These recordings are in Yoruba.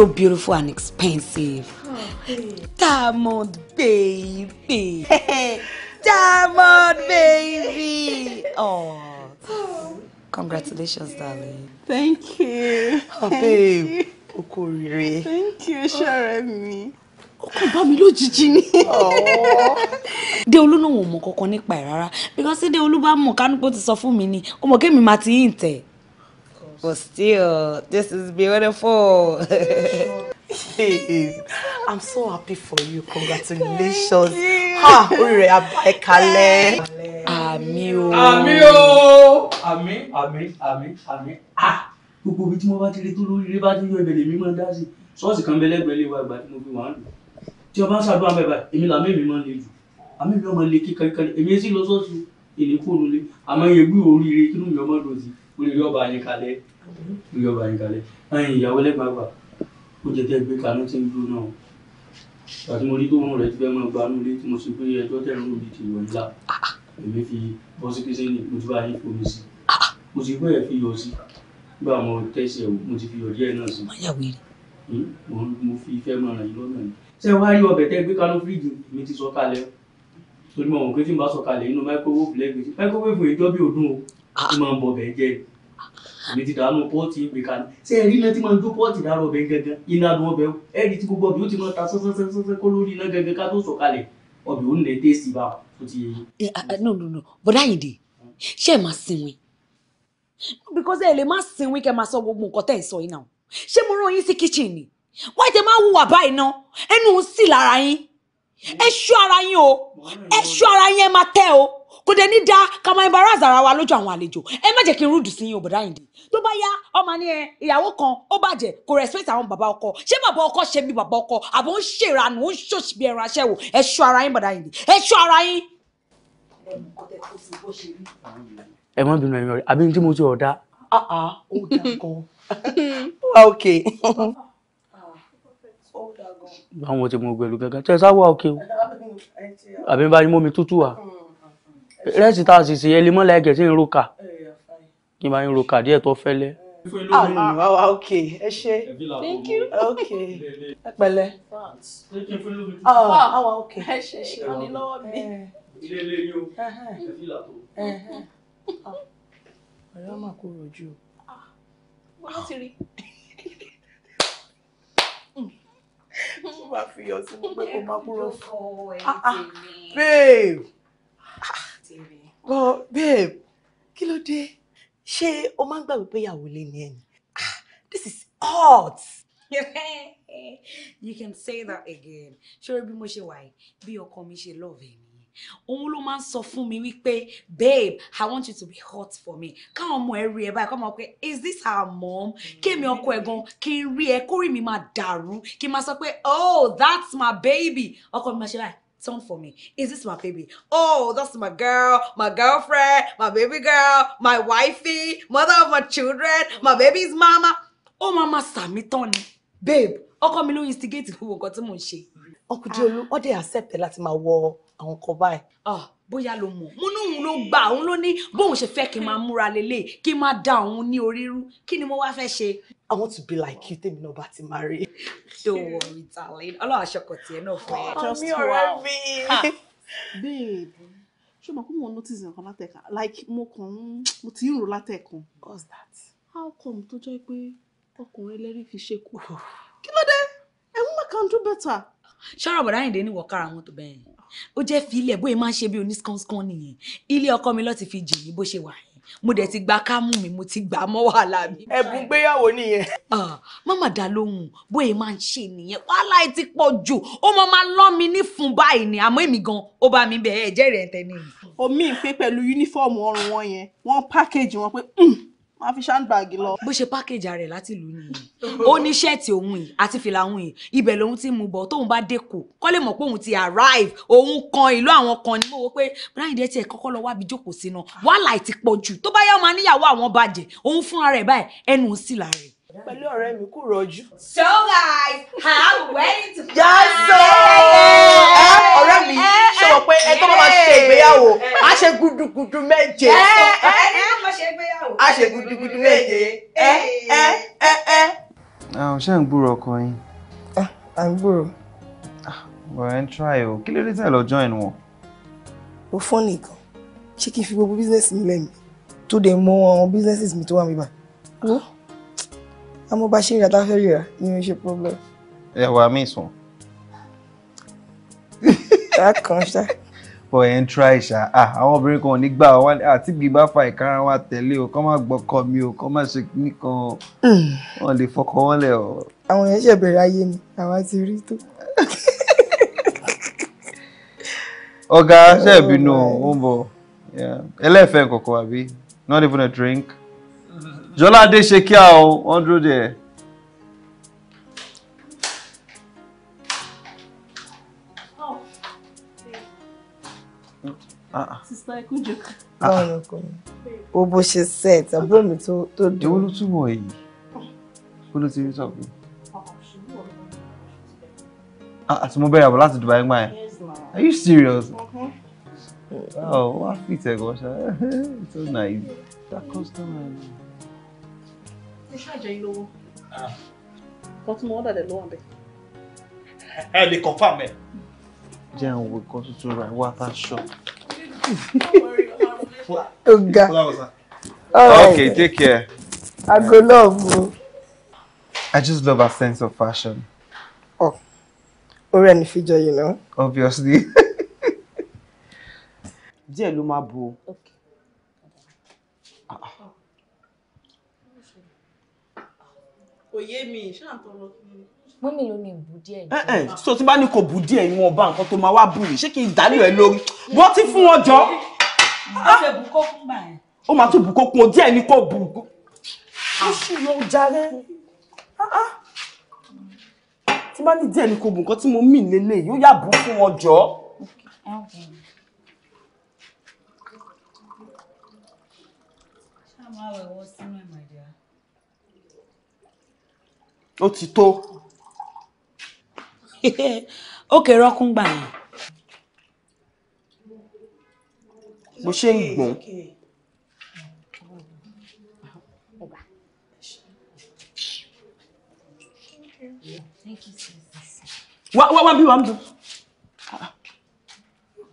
so beautiful and expensive. Oh, Diamond baby. Diamond baby. Oh. Congratulations, darling. Thank you. Oh, babe. O Thank you, ṣọ̀rẹ́ mi. Ó kàn bá mi lójijì ni. Oh. Déolú náà ò mọ̀ kankan nípa ẹ̀ rárá. Because Déolú bá mọ̀ kánúpó ti sọ fún mi ni, ó mọ̀ kémi máa ti yín tẹ̀. But still, this is beautiful. I'm so happy for you. Congratulations. Ha, ore abaikale. Àmín o. Àmín o. Àmín, àmín, àmín, àmín. Ah, gbogbo bí tí mo bá ti rí tó lórí rí bá ti yọ ìbẹ̀lẹ̀ mi máa ń dá sí. Ṣọ́ọ̀ṣì kan bẹ́lẹ́gbẹ̀ẹ́ lè wa ìgbà tí mo fi wà ń Tí o ń ṣàdúrà bẹ́ẹ̀ báyìí, èmi làmí mi máa ń le jù. Àmì mi ọmọ le kíkankan. Èmi sì lọ sọ́ọ̀ṣì ìníkùnrin lé. Àmọ́ egbú oríire kí ló mi ọmọ dòdì olùyọ bá yín kalẹ̀ olùyọ bá yín kalẹ̀ ẹ̀yin ìyàwó lẹgbàgbà ó jẹ tẹ gbé kanú tí ń dún náà àti mo rí tó wọn rẹ ti fẹ́ máa gbanú lé tí mo sì pé ẹjọ́ tẹ̀rù mi ti wọ̀ nílà èmi fi bọ́sí kí sẹ́yìn mo ti bá yín fomi sí mo ti gbọ́ ẹ̀ fi yọ sí gbà mo tẹ̀sí ẹ̀ mo ti fi yọ díẹ̀ náà sí hmm? mo fi fẹ́ máa ràn yín lọ́nà yìí. ṣé wàá rí ọbẹ̀ tẹ́ gbé kanú fíríjì mi ti sọ kalẹ̀ torí mo mọ̀ pé tí n bá sọ kalẹ̀ inú microwave lẹ́gbẹ̀ẹ́ microwave ìjọ́ bí òdùn o ó máa ń bọ̀ bẹ́ẹ̀ jẹ́ èmi ti dànù pọ́ọ̀tì ìpè kan ṣé ẹ rí iná tí máa ń jó pọ́ọ̀tì dárò ọbẹ̀ gangan iná adùn ọbẹ̀ ẹ rí tí gbogbo ọbẹ̀ ó ti máa ta sẹ́sẹ́sẹ́sẹ́ kó lórí iná gangan ká tó sọ̀kalẹ̀ ọbẹ̀ ó nílẹ̀ tẹ́sí bá ó ti. no no no bọ́dá yìí dé ṣé ẹ máa sinwi because ẹ lè má sinwi kẹ́ máa sọ gbogbo nǹkan tẹ́ ẹ̀ sọ yìí náà ṣé mo rán yín sí kitchen ni wáyé tẹ máa ń hùwà báyìí ná ẹnu ń sì lára yín ẹ ṣọ́ ara yín o ẹ ṣọ́ ara yín ẹ máa tẹ́ o kò dẹ̀ ní dáa ká máa wa lójú àwọn àlejò ẹ má jẹ́ kí n rúdù sí yín o yìí dé tó bá yá ọmọ ni ẹ ìyàwó kan ó bàjẹ́ kò respect àwọn bàbá ọkọ ṣé bàbá ọkọ ṣe bí bàbá ọkọ àbò ń ṣèrànù ó ń ṣòṣì bí ẹran aṣẹ́wò ẹ ara yín bàdá yìí ẹ ṣọ́ ara yín. ẹ mọ bínú ẹyọ àbí tí mo ti ọ̀dà. Ah, ah, ah, ok. báwo ti mo gbẹlú gángan tẹ sáwọ òkè o àbí báyìí mọ mi tútù wa rẹ́sì tá a sì ṣe ẹlẹ́mọ́lá ẹ̀gẹ̀ sí kí n bá yín ro kàdí ẹ̀ tó fẹ́lẹ́. àmà ah, wa ah, ah, ok ẹ ṣe thank you ok ẹ pẹ̀lẹ́ ah ok ẹ ṣe ìrànlọ́wọ́ mi. Eh. ilé ilé yóò ẹ fi là tó. ọ̀rẹ́ ọmọ kò rojú o. wọ́n ti rí tó bá fi yọ sí pé kò má kúrò fún babe babe kí ló dé ṣé o máa ń gbàgbé pé ìyàwó lé ní ẹni ah this is hot. you can say that again ṣórí bí mo ṣe wà yìí bí ọkọ mi ṣe love ẹ nìyẹn òun ló máa ń sọ fún mi wípé babe i want you to be hot for me káwọn ọmọ ẹ rí ẹ báyìí káwọn ọmọ pé is this our mom kémi ọkọ ẹ gan kí n rí ẹ kórìí mi máa dàrú kí n máa sọ pé oh that's my baby ọkọ mi máa ṣe báyìí Song for me. Is this my baby? Oh, that's my girl, my girlfriend, my baby girl, my wifey, mother of my children, my baby's mama. Oh, mama, ma sàmì Babe, How come you instigate who got tí mò ń ṣe. Ọkùnrin olú, ó dẹ̀ accept láti máa wọ àwọn kan báyìí. Ah, bóyá ló mọ̀ mo ní òun ló gbà òun ló ní bóun ṣe fẹ́ kí n máa múra lélẹ̀ kí n máa da òun ní orí kí ni mo wá fẹ́ ṣe. I want to be like you tèmi náà bá ti máa rí. Don't worry darling ọlọ́run aṣọkọ̀ tiẹ̀ náà fún ẹ. àmì ọ̀rẹ́ mi. babe ṣé mo kún mo notice nǹkan látẹ̀kan like mo kàn ń mo ti ń rò látẹ̀kan. what's that. how come tó jẹ́ pé ọkùnrin ẹlẹ́rìí fi ṣe kú. kí ló dé? ẹ̀hún mà kàn do better. ṣọ́rọ̀ bọ̀dá Àyìndé ní wọ̀kára wọn tó bẹ́ẹ̀ ó jẹ́ fi ilẹ̀ bóyá máa ń ṣe bí onískánsán nìyẹn ilé ọkọ mi lọ́ọ́ ti fi jì mí bó ṣe wà yẹn mo dẹ̀ ti gba kámú mi mo ti gbà mọ́ wàhálà mi. ẹ̀bùn gbéyàwó nìyẹn. mama dá lóhùn bóyá máa ń ṣe nìyẹn wàhálà ẹ ti pọ̀ jù ó mọ máa lọ́ mi ní fún báyìí ni àmọ́ èmi gan ó bá mi bẹ̀ ẹ̀ jẹ́rìí ẹ̀ tẹ́ ni. omi ìpè pẹ̀lú yúnífọ̀mù ọrùn wọn yẹn wọ́n pákéjì wọn pé hmm, máa fi ṣáńdbàgì lọ. bó ṣe pákéjì rẹ̀ láti lù nìyí ó ní ṣẹ́ẹ̀tì òun yìí àti fìlà òun yìí ibẹ̀ lòun ti mú bọ̀ tóun bá dé kò kọ́ lè mọ̀ pé òun ti arrive òun kan ìlú àwọn kan ni mo wò pé bíráìdì ẹtì ẹ̀ kọ́kọ́ lọ wábi jókòó sínú wàhálà ti pọ̀ jù tó bá yá máa níyàwó àwọn bàjẹ́ òun fúnra rẹ̀ báyìí ẹnu òun sì láre. pẹ̀lú ọ̀rẹ́ mi kò rọjú. so guys i'm ready to go. jaso ọ̀rẹ́ mi ṣe wọ pé ẹ tó bá máa ṣe ẹ ṣègbéyàwó. a ṣe gudugudu méje ẹ ẹ ẹ ẹ. àwọn ṣé ń gbúrò ọkọ yín. Ah, à ń gbúrò. bọ̀rọ̀ ah, ẹ̀ ń try o kí ló dé tẹ̀ lọ join wọn. o fọ́n nìkan ṣé kí n fi gbogbo bísíǹsì mi lẹ́nu tó dẹ̀ mọ àwọn bísíǹsì mi tó wà mí bá. wo àmọ́ bá ṣe ìrata fẹ́ rírà ni mo ṣe problem. ẹ wà mí sùn. ṣáà kan ṣáà pọ̀ ẹ̀ ń tra ìṣà àwọn obìnrin kan ò ní gbà wá àti ah, gbígbà fa ìkara wa tẹ̀lé o kọ́ má gbọ́kọ mi o kọ́ má ṣe nìkan hmm. wọn lè fọkàn wọn lẹ̀ o. àwọn yẹn ṣe bẹ̀rẹ̀ ayé mi àwa ti rí tó. ọ̀gá ṣe ìbínú oh, ó ń bọ̀ ẹlẹ́fẹ̀ẹ́ kọ̀ọ̀kan àbí not even a drink. jọládé ṣe kí a o wọ́n dúró dẹ̀. sista ẹ kú jòkó. báwo kò ní wo bó ṣe ṣe ẹ tàbúrò mi tó dùn. èwo ló túbọ̀ èyí kó ló ti rí sọ̀kú. Ah, àti mo bẹ̀rẹ̀ àbọ̀ láti Dubai gbà yẹn are you serious? Okay. Uh-huh. oh wá fi ìtẹ̀gọ́ ṣá so nice that customer. ṣé ṣàjẹ́ yín lówó? kan tí mo wọ́n dàdẹ̀ lọ́wọ́ bẹ́ẹ̀ ẹ lè confam ẹ. jẹ́ àwọn òwe kan tuntun rà wá tá Oga. Okay, take care. I go love you. I just love her sense of fashion. Oh. Oren figure, you know. Obviously. Díẹ̀ ló máa bò. Okay. Oh yeah, me. ṣé à ń tọrọ kí mọ́mí ló ní ìbú díẹ̀ ní. Eh, eh, so tí bá ní kò bú díẹ̀ ni wọn bá nǹkan tó máa wá bù yìí ṣé kí n dálé rẹ lórí bọ́tí fún wọn jọ. ó máa tún bù kó kún o díẹ̀ ni kò bù. ó sì lọ jàre tí bá ní díẹ̀ ni kò bù nǹkan tí mo mì lélẹ̀ yóò yà bù fún wọn jọ. ó ti tó ókè rọ́kún gbà yẹn. bó ṣe ń gbọ̀n. wá wá wá bí wàá ń dùn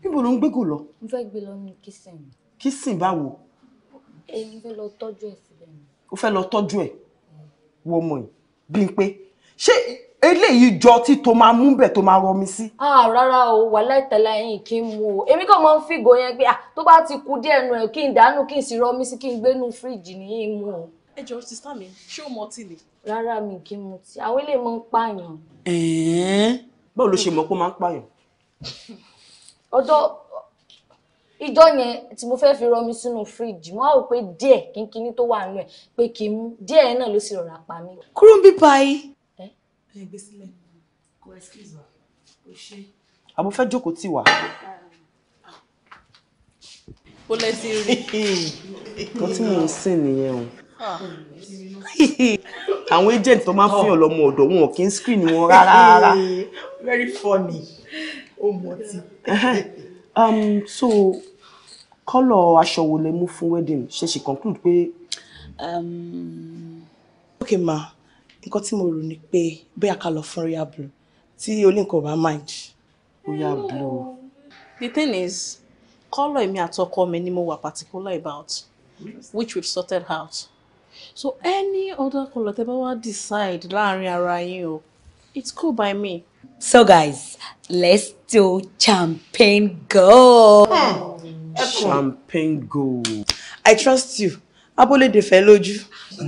níbo ló ń gbégò lọ. mo fẹ́ gbé lọ ní kìsìn. kìsìn báwo. èmi fẹ́ lọ tọ́jú ẹ̀ síbẹ̀ ni. o fẹ́ lọ tọ́jú ẹ̀ wọ́n mọ̀ ẹ́ Bímpé ṣé eléyìí jọ tí tó máa mú bẹ̀ tó máa rọ mi sí. rárá o wà láìtẹ̀lá ẹ̀yìn kí n mú o èmi kàn máa ń fìgò yẹn pé tó bá ti ku díẹ̀ nu ẹ̀ kí n dànù kí n sì rọ mi sí kí n gbénu fíríjì nìyí mú o. ẹ jọ sísá mi ṣé o mọ tí ni. rárá mi kì í mu tí àwọn eléyìí máa ń pààyàn. báwo ló ṣe mọ̀ pé ó máa ń pààyàn. ọjọ́ ìjọ yẹn tí mo fẹ́ fi rọ sínú fíríjì mo wá pé díẹ̀ kínkínní tó wà nínú ẹ gbé sílẹ̀. kò excuse wa kò ṣe. àmọ́ fẹ́ jókòó tì wá. ó lẹ ti rí. nǹkan tí mò ń sìn nìyẹn o. Ah. àwọn agent tó máa ń fihàn lọ́mọ ọ̀dọ̀ wọn kì í screen wọn rárá. very funny ó mọ ti. Um, so kọ́lọ̀ aṣọ wo lẹ mú fún wedding ṣe ṣì conclude pé. Um, okay ma nǹkan tí mo rò ni pé bóyá ká lọ fún royal blue tí olóńkọ̀ bá mind. royal blue. Oh. the thing is colour èmi àtọkọ mi ni mo wà particular about which we've sorted out so any other colour tẹ́ bá wá decide láàrin ara yín o it's cool by me. so guys let's do champagne go. Hmm. champagne go. i trust you abọ́lé dey fẹ́ lójú.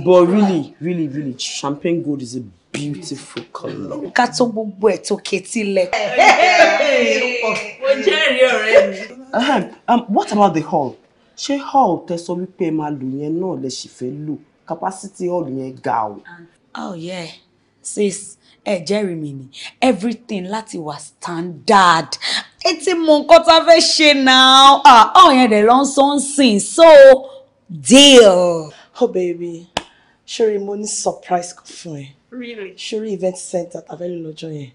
but really really really champagne gold is a beautiful colour. ká tó gbogbo ẹ̀ tó ketílẹ̀. mo jẹ́rìí ọ̀rẹ́ mi. Um, what about the hall? ṣé hall tẹ sọ wípé ẹ máa lò yẹn náà lẹ sì fẹ́ lò capacity hall yẹn ga o. oh yeah sis ẹ jẹ́rìí mi ni everything láti wà standard ẹ ti mọ nǹkan tá a fẹ́ ṣe náà ọ̀hún yẹn dẹ̀ lọ́n so Deal! Oh, baby. Ṣorí, mo ni surprise kan fún ẹ. Really? Ṣorí event center tá a fẹ́ lọ lọ́jọ́ yẹn.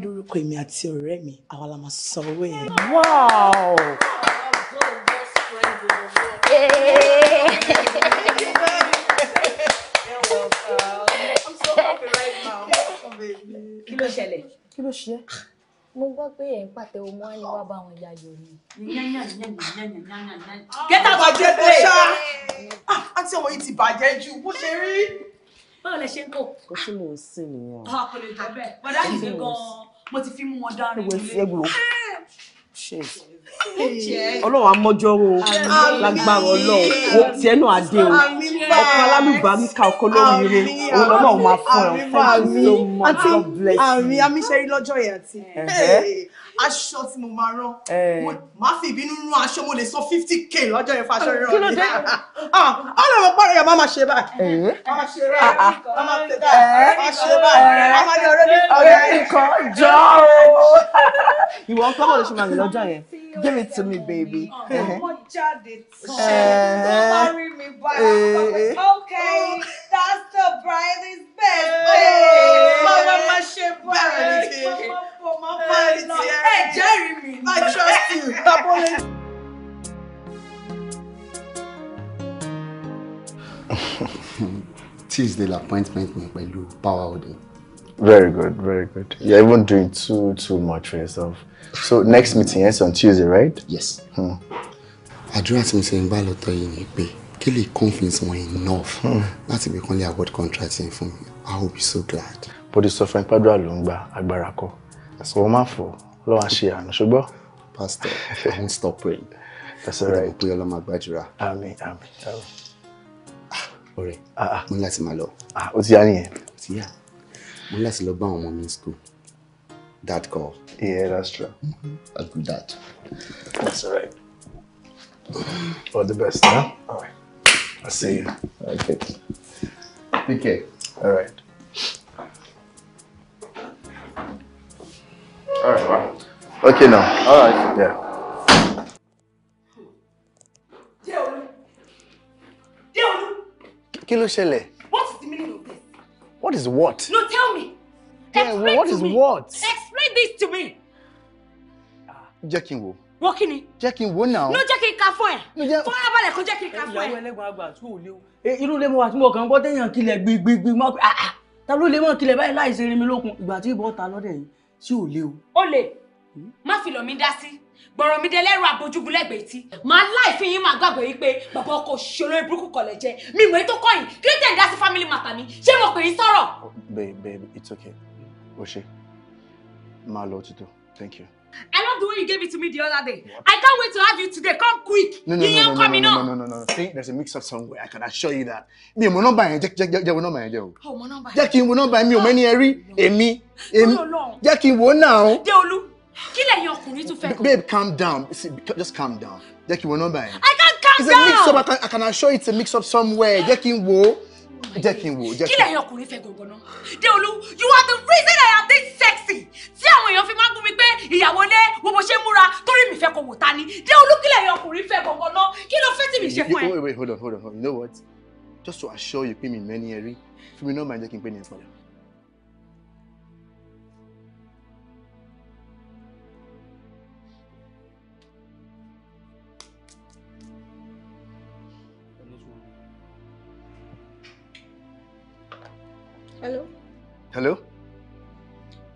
Lórúkọ èmi àti ọ̀rẹ́ mi, àwa la máa so owó yẹn. Wow! Oh, Kí ló ṣẹlẹ̀? Kí ló ṣe é? mo gbọ́ pé ẹ̀ ń pàtẹ́wọ́ mọ́ ẹni wá bá wọn yayọ̀ ni. kẹta bàjẹ́ tó ṣá ah, àti ọmọ yìí ti bàjẹ́ jù bó ṣe rí. báwo lẹ ṣe ń kọ. kò sí mo ń sìn nìyẹn. a ah, kò lè jẹ bẹ́ẹ̀ bọdá yìí gan mo ti fi mú wọn dárin. ẹ wo ẹ gbúrò ṣe ọlọ́run amọ́jọ́rò lágbára ọlọ́run wo tiẹ̀ náà adé o ọkọ alálùbárí ká ọkọ lóríire òun lọ́lọ́run máa fún ẹ fún ẹ ló máa bless you. àmì àmì ṣe rí lọ́jọ́ yẹn àti aṣọ tí mo máa rán eh. máa fi ìbínú rán aṣọ mo lè sọ fifty k lọ́jọ́ yẹn fàṣọ rírán mi. kí ló dé. Ah, ah, ọ̀nà mo pàrọ̀ yẹn máa ma ṣe báyìí. Eh. máa ah, ṣe báyìí eh. máa ṣe báyìí máa ṣe báyìí máa ní ọ̀rẹ́ mi. ọ̀rẹ́ mi kan jọ o. ìwọ ń kọ́mọ̀ ló ṣe máa rìn lọ́jọ́ yẹn give it to me baby. ọmọ jáde tán ló bá rí mi báyìí that's the brightest best. Mama my ṣe my Mama fò má báyìí lọ. Ẹ jẹ́rìí mi. I trust you. Tábọ́lé. Tuesday l'appointment mi Power Holding. Very good, very good. You're even doing too, too much for yourself. So next meeting is on Tuesday, right? Yes. Hmm. Àdúrà tí mo ṣe ń bá lọ́tọ̀ yìí ni kí lè convince wọn enough hmm. láti bí kan lè award contract yẹn fún mi i will be so glad. body suffering padua ló ń gba agbára kọ àsọ wọn máa fọ lọ́wọ́ ṣe àná ṣùgbọ́n. pastor i won't stop praying. that's all right. ọ̀dọ̀ bóyá ọlọ́mọ àgbàjúra. àmín àmín àmín. Ah, ọ̀rẹ́ ah, ah. mo ní láti máa lọ. ó ti yá nìyẹn. ó ti yá mo ní láti lọ bá àwọn ọmọ mi ní school Dad call. Yeah, that's true. Mm-hmm. I'll do that. That's all right. All the best, huh? All right. I see you. Okay. Take care. All right. All right, ma. Okay now. All right. Yeah. Deolu. Deolu. Kí ló ṣẹlẹ̀? What is the meaning of this? What is what? No, tell me. Yeah, Explain what is me. what? Explain this to me. Jẹ́ kí n wo kí ni. jẹ́ kí n wo náà. ló jẹ́ kí n ka fún ẹ. fún abalẹ̀ kó jẹ́ kí n ka fún ẹ. ìyàwó ẹlẹ́gbọ̀n àgbà tí ò léwu. E, irú ilé mo wà tí mo kàn ń gbọ́ téèyàn kilẹ̀ gbigbigbì mọ́ ah, ah, ta ló lè mọ́ kilẹ̀ báyìí láì ṣe irinmi lókun ìgbà tí ìbọn ta lọ́dẹ̀ yìí sí ò léwu. ó lè má fi lọ̀ mí dá sí gbọ̀rọ̀ mi dẹlẹ́rù àbójúgun lẹ́gbẹ̀ẹ́ tí màá láì fi yín máa gbàgbé yìí pé bàbá ọkọ ṣòro ìbúrúkú kọlẹ̀ jẹ mi ìwé tó kọ́yìn kí dá sí family matter mi ṣé mo pè é sọ̀rọ̀. babe babe it's okay o ṣe máa lọ òtítọ́ thank you. I love the way you gave it to me the other day. What? I can't wait to have you today. Come quick. No, no, you no, no, no, no, no, no, no, no. there's a mix-up somewhere. I can assure you that. Mi ò not nọ́mbà Jack. Jack jẹ́ jẹ́ wo nọ́mbà yẹn jẹ́ o. Ò oh, mọ nọ́mbà yẹn. Jẹ́ kí n wo nọ́mbà yẹn, mi ò mẹ́ni ẹ rí. Èmi. Èmi. Jẹ́ kí n wo náà. Déolú, kí Babe, calm down. See, just calm down. Jẹ́ kí n wo nọ́mbà I can't calm down. It's a mix-up. I can, I can assure you it's a mix-up somewhere. Jẹ́ kí n Oh jẹ́ kí n wò jẹ́ kí n. kílẹ̀ yẹn ọkùnrin fẹ́ gbọ̀ngàn náà Déolú you are the reason I am this sexy tí àwọn èèyàn fi máa ń gún mi pé ìyàwó lé wo bó ṣe múra torí mi fẹ́ kó wò ta ni Déolú kílẹ̀ yẹn ọkùnrin fẹ́ gbọ̀ngàn náà kí ló fẹ́ tì mí ṣe fún ẹ. wait wait hold on hold on you know what just to assure you pé mi mẹ́ni ẹ rí fún mi náà máa jẹ́ kí n pè ní ẹ padà. Hello? Hello?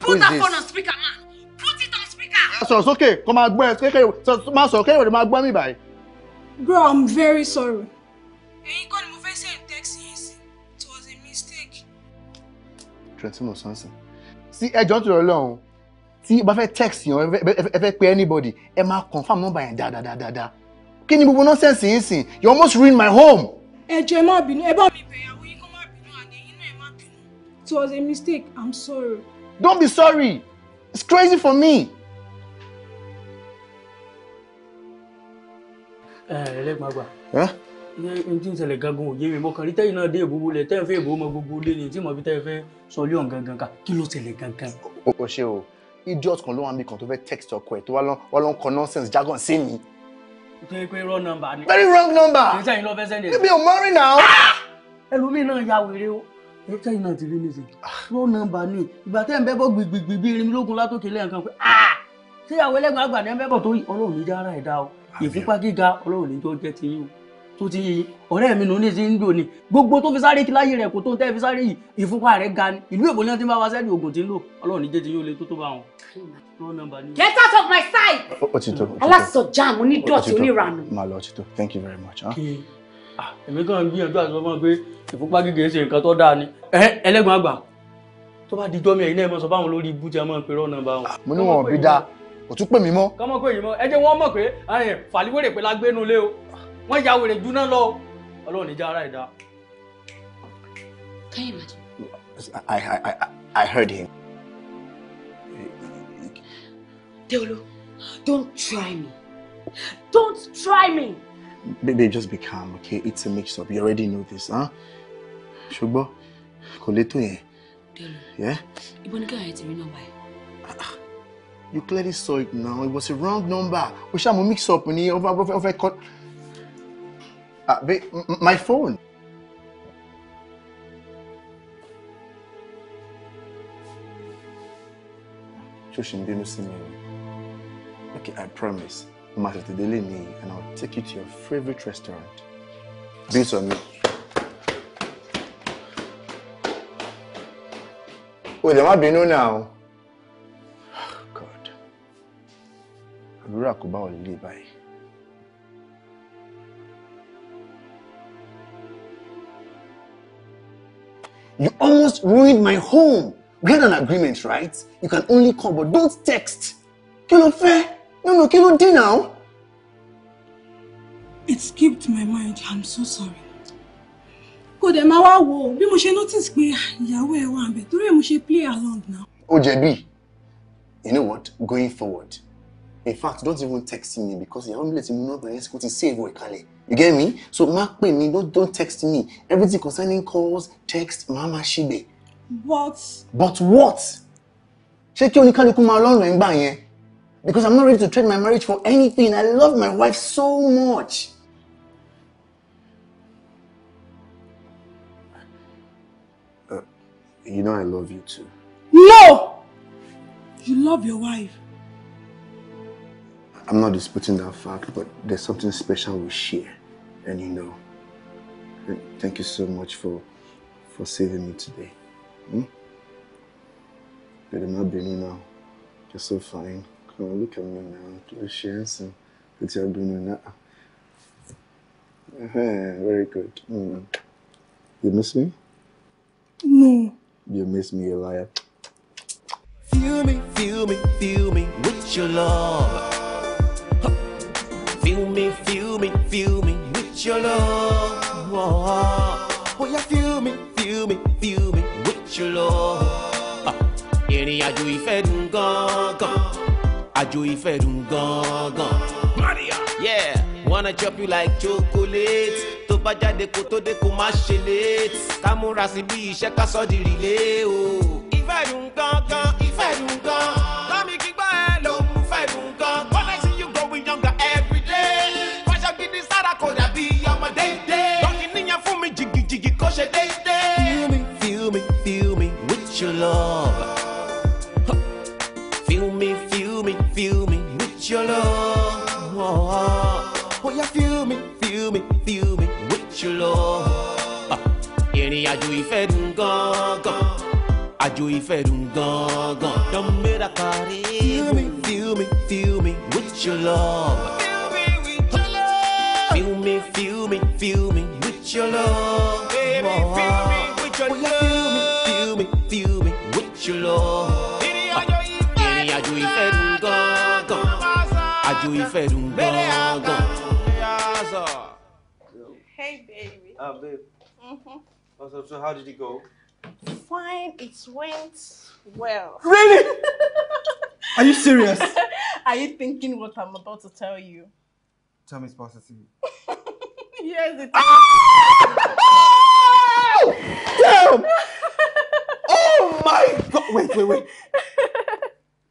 Put that this? phone on speaker, man. Put it on speaker. Sọ̀rọ̀ sókè kó máa gbọ́ ẹ okay, máa sọ̀rọ̀ kékeré máa gbọ́ me, báyìí. Bro, I'm very sorry. Ẹ̀yin you ni mo fẹ́ send text yín It was a mistake. Trentin Osansin. Sí ẹjọ́ tó lọ lọ́hùn. Tí bá fẹ́ text you. ẹ fẹ́ pe anybody I máa confirm number da da da da da. Can you move nonsense? You almost ruined my home. Ẹ jẹ́ má bínú, ẹ mi bẹ̀yàwó. It was a mistake. I'm sorry. Don't be sorry. It's crazy for me. ẹlẹgbàgbà eh, n tí ń ṣẹlẹ̀ gangan òye mi mọ́kànlí tẹ́yìn náà dé ìbúbú lẹ̀ tẹ́yìn fe ìbúbú mọ gbogbo ilé ni tí mo fi tẹ́yìn fẹ́ sọ ilé ọ̀hún gangan ká kí ló ṣẹlẹ̀ gangan. o ṣe o idiot kan lo wà mí kan tó fẹ́ text ọkọ ẹ̀ tó wá lọ ń kọ nonsense jargon sí mi. pé pé wrong number ni. very wrong number. kì í sẹ́yìn lọ fẹ́ sẹ́yìn. níbi ò mọ́rin náà. Ah! ẹlòmíì náà ya wèrè o ẹ̀ka iná ti rí nísìnyí ló nọmba ni ìgbà tẹ́ ń bẹ́ bọ́ gbìgbìgbì bí irin lógun látòkè lẹ́ẹ̀kan pé ah! ṣé ìyàwó àgbà ni ẹ ń bẹ́ bọ̀ torí ní dára ẹ̀dá o ìfúnpá gíga ọlọ́run ní tó jẹ́ ti yín o tó ti ọ̀rẹ́ mi nù ní ti ń dò ní gbogbo tó fi sáré kí láyé rẹ̀ kò tó ń tẹ́ fi sáré yìí ìfúnpá rẹ̀ ga ni ìlú èbó ni wọ́n ti ń bá wa sẹ́ni oògùn ti ń lò ọlọ́run ní jẹ́ ti yín o lè tó tó bá wọn. Get out of my sight! Otito. Alásọjá mo ní dọ̀tí onírànú. Màá lọ Otito, thank you very much. Ah, èmi kàn ń gbìyànjú àti ọmọ pé ìfúnpá gígé ṣe nǹkan tó dáa ni ẹlẹ́gbọ̀n àgbà tó bá dijọ́ mi ẹ̀yin náà mọ̀ sọ fáwọn olórí ibú tí a máa ń pèrọ nọ́mbà wọn. Ah, mo ní wọn bí dáa kò tún pè mí mọ́. kọ́mọ pé yìí mọ́ ẹ jẹ́ wọ́n mọ̀ pé fàlíwèrè pé lágbénu lé o wọ́n ya wèrè jù náà lọ ọlọ́run níjà ara ẹ̀dá. can you imagine. I, I, I, heard him. Deolo, don't try me. Don't try me. Baby, just be calm, okay? It's a mix-up. You already know this, huh? ṣùgbọ́n kò lè tó yẹn. Dèlò ibo ni kẹ́hìn ti rí nọ́mbà yẹn. You clearly saw it now. It was a wrong number. O ṣáà mo mix up ni ọba ọfẹ ọfẹ kọ. Ah, babe, my phone. Ṣoṣin bínú sí mi o. Okay, I promise. Màá tètè délé nìyí and I'll take you to your favourite restaurant. Based on me. o dẹ̀ má bínú náà o oh, God àdúrà kò bá ò lè báyìí. You almost ruined my home. We had an agreement, right? You can only come, but don't text. Kí ló fẹ́? No, no, kí ló dé now? It skipped my mind. I'm so sorry kò dẹ̀ máa wá wò bí mo ṣe notice pé ah, ìyàwó ẹ̀ wà ńbẹ̀ torí ẹ̀ mo ṣe play along now. ó jẹ̀bi you know what going forward in fact don't even text me because ìyàwó mi lè ti mú nọ́ọ̀bù yẹn kó ti save ẹ̀ kalẹ̀ you get me so má pè mí don't don't text me everything concerning calls text Mama máa ṣe but. but what? ṣé kí oníkálukú máa lọ́rùn ẹ̀ ń gbà yẹn because i'm not ready to trade my marriage for anything i love my wife so much. You know I love you too. No! You love your wife. I'm not disputing that fact, but there's something special we share, and you know. thank you so much for for saving me today. Hmm? I'm not be now. You're so fine. Come on, look at me now. Do sharing some. But you're doing now. Eh, very good. Mm. You miss me? No. You miss me alive. Feel me, feel me, feel me with your love. Feel me, feel me, feel me with your love. Oh, yeah, feel me, feel me, feel me with your love. Ẹni àjò ìfẹ́ dùn gángan, àjò ìfẹ́ dùn gángan. Maria, yeah. wanna chop you like chocolate tó bá jáde kó tó dé kó má ṣe late ká múra sí bí iṣẹ́ ká sọ́ di rìlé o. ìfẹ́ dùn gan gan ìfẹ́ dùn gan. àjò ìfẹ́ dùn gangan. Don't make Feel me, feel me, feel me with your love. Feel me with your love. Feel me, feel me, feel me with your love. Baby, feel me with your love. Feel me, feel me, feel me with your love. Ìrìn àjò ìfẹ́ dùn gangan. Àjò ìfẹ́ dùn gangan. Hey baby. Ah babe. Mhm. Mm so how did it go? Fine, it went well. Really? Are you serious? Are you thinking what I'm about to tell you? Tell me is positive. yes, it is. Oh! Damn! oh my god! Wait, wait, wait.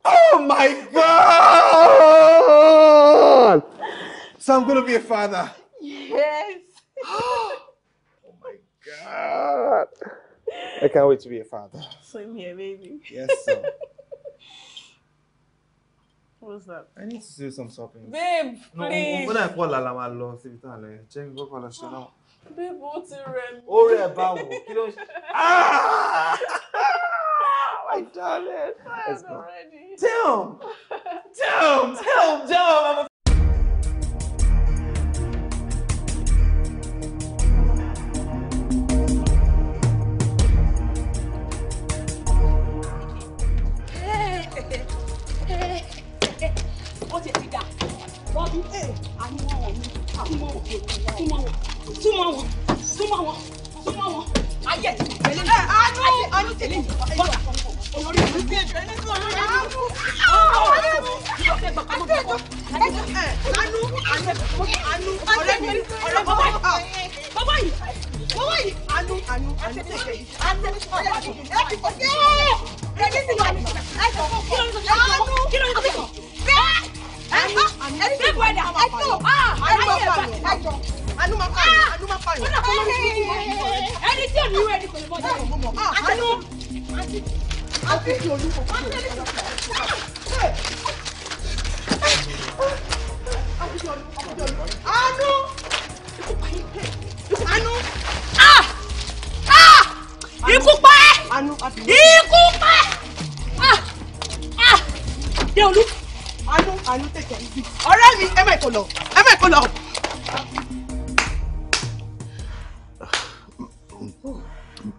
Oh my god! So I'm gonna be a father. Yes. oh my god. I can't wait to be a father. Same here, baby. Yes, sir. What's that? I need to do some shopping. Babe, no, please. When I call Lala, my love, see it all. Check go call her. She now. Babe, what's it, Remy? Oh, yeah, báwo. Kí ló. Ah! My darling. I'm ready. Tell him. Tell him. Tell him. Tell Bobby, hey, I know one. Súnmọ́ wọn, súnmọ́ wọn, súnmọ́ wọn, súnmọ́ wọn, súnmọ́ wọn. Ayé ti tẹ̀lé mi. Ẹ Anu, Anu tẹ̀lé mi. Bọ́lá, olórí mi. Ṣé ìjọ ẹni tí olórí mi? Anu, ọ̀rẹ́ mi. Ṣé ìjọ ẹni tí olórí mi? Anu, Anu, ọ̀rẹ́ mi, ọ̀rẹ́ mi. Bàbá yìí, bàbá yìí. Anu, Anu, Anu tẹ̀lé mi. Anu, ọ̀rẹ́ mi. Ẹ ti kọ̀ sí. Ẹ ti kọ̀ sí. Anu, kí ló ń sọ? anu, àánú máa pààyàn anu, àánú máa pààyàn àánú máa pààyàn. kọ́nà kọ́nà mi ti mọ ìlú rẹ. ẹni tí èmi rẹ ni kò lè mọ jẹ. àánú àti àti ti olúwo kò lè mọ jẹ. àánú àánú. ikú pa ẹ́. ikú pa ẹ́. kó lọ ẹ bẹ́ẹ̀ kó lọ.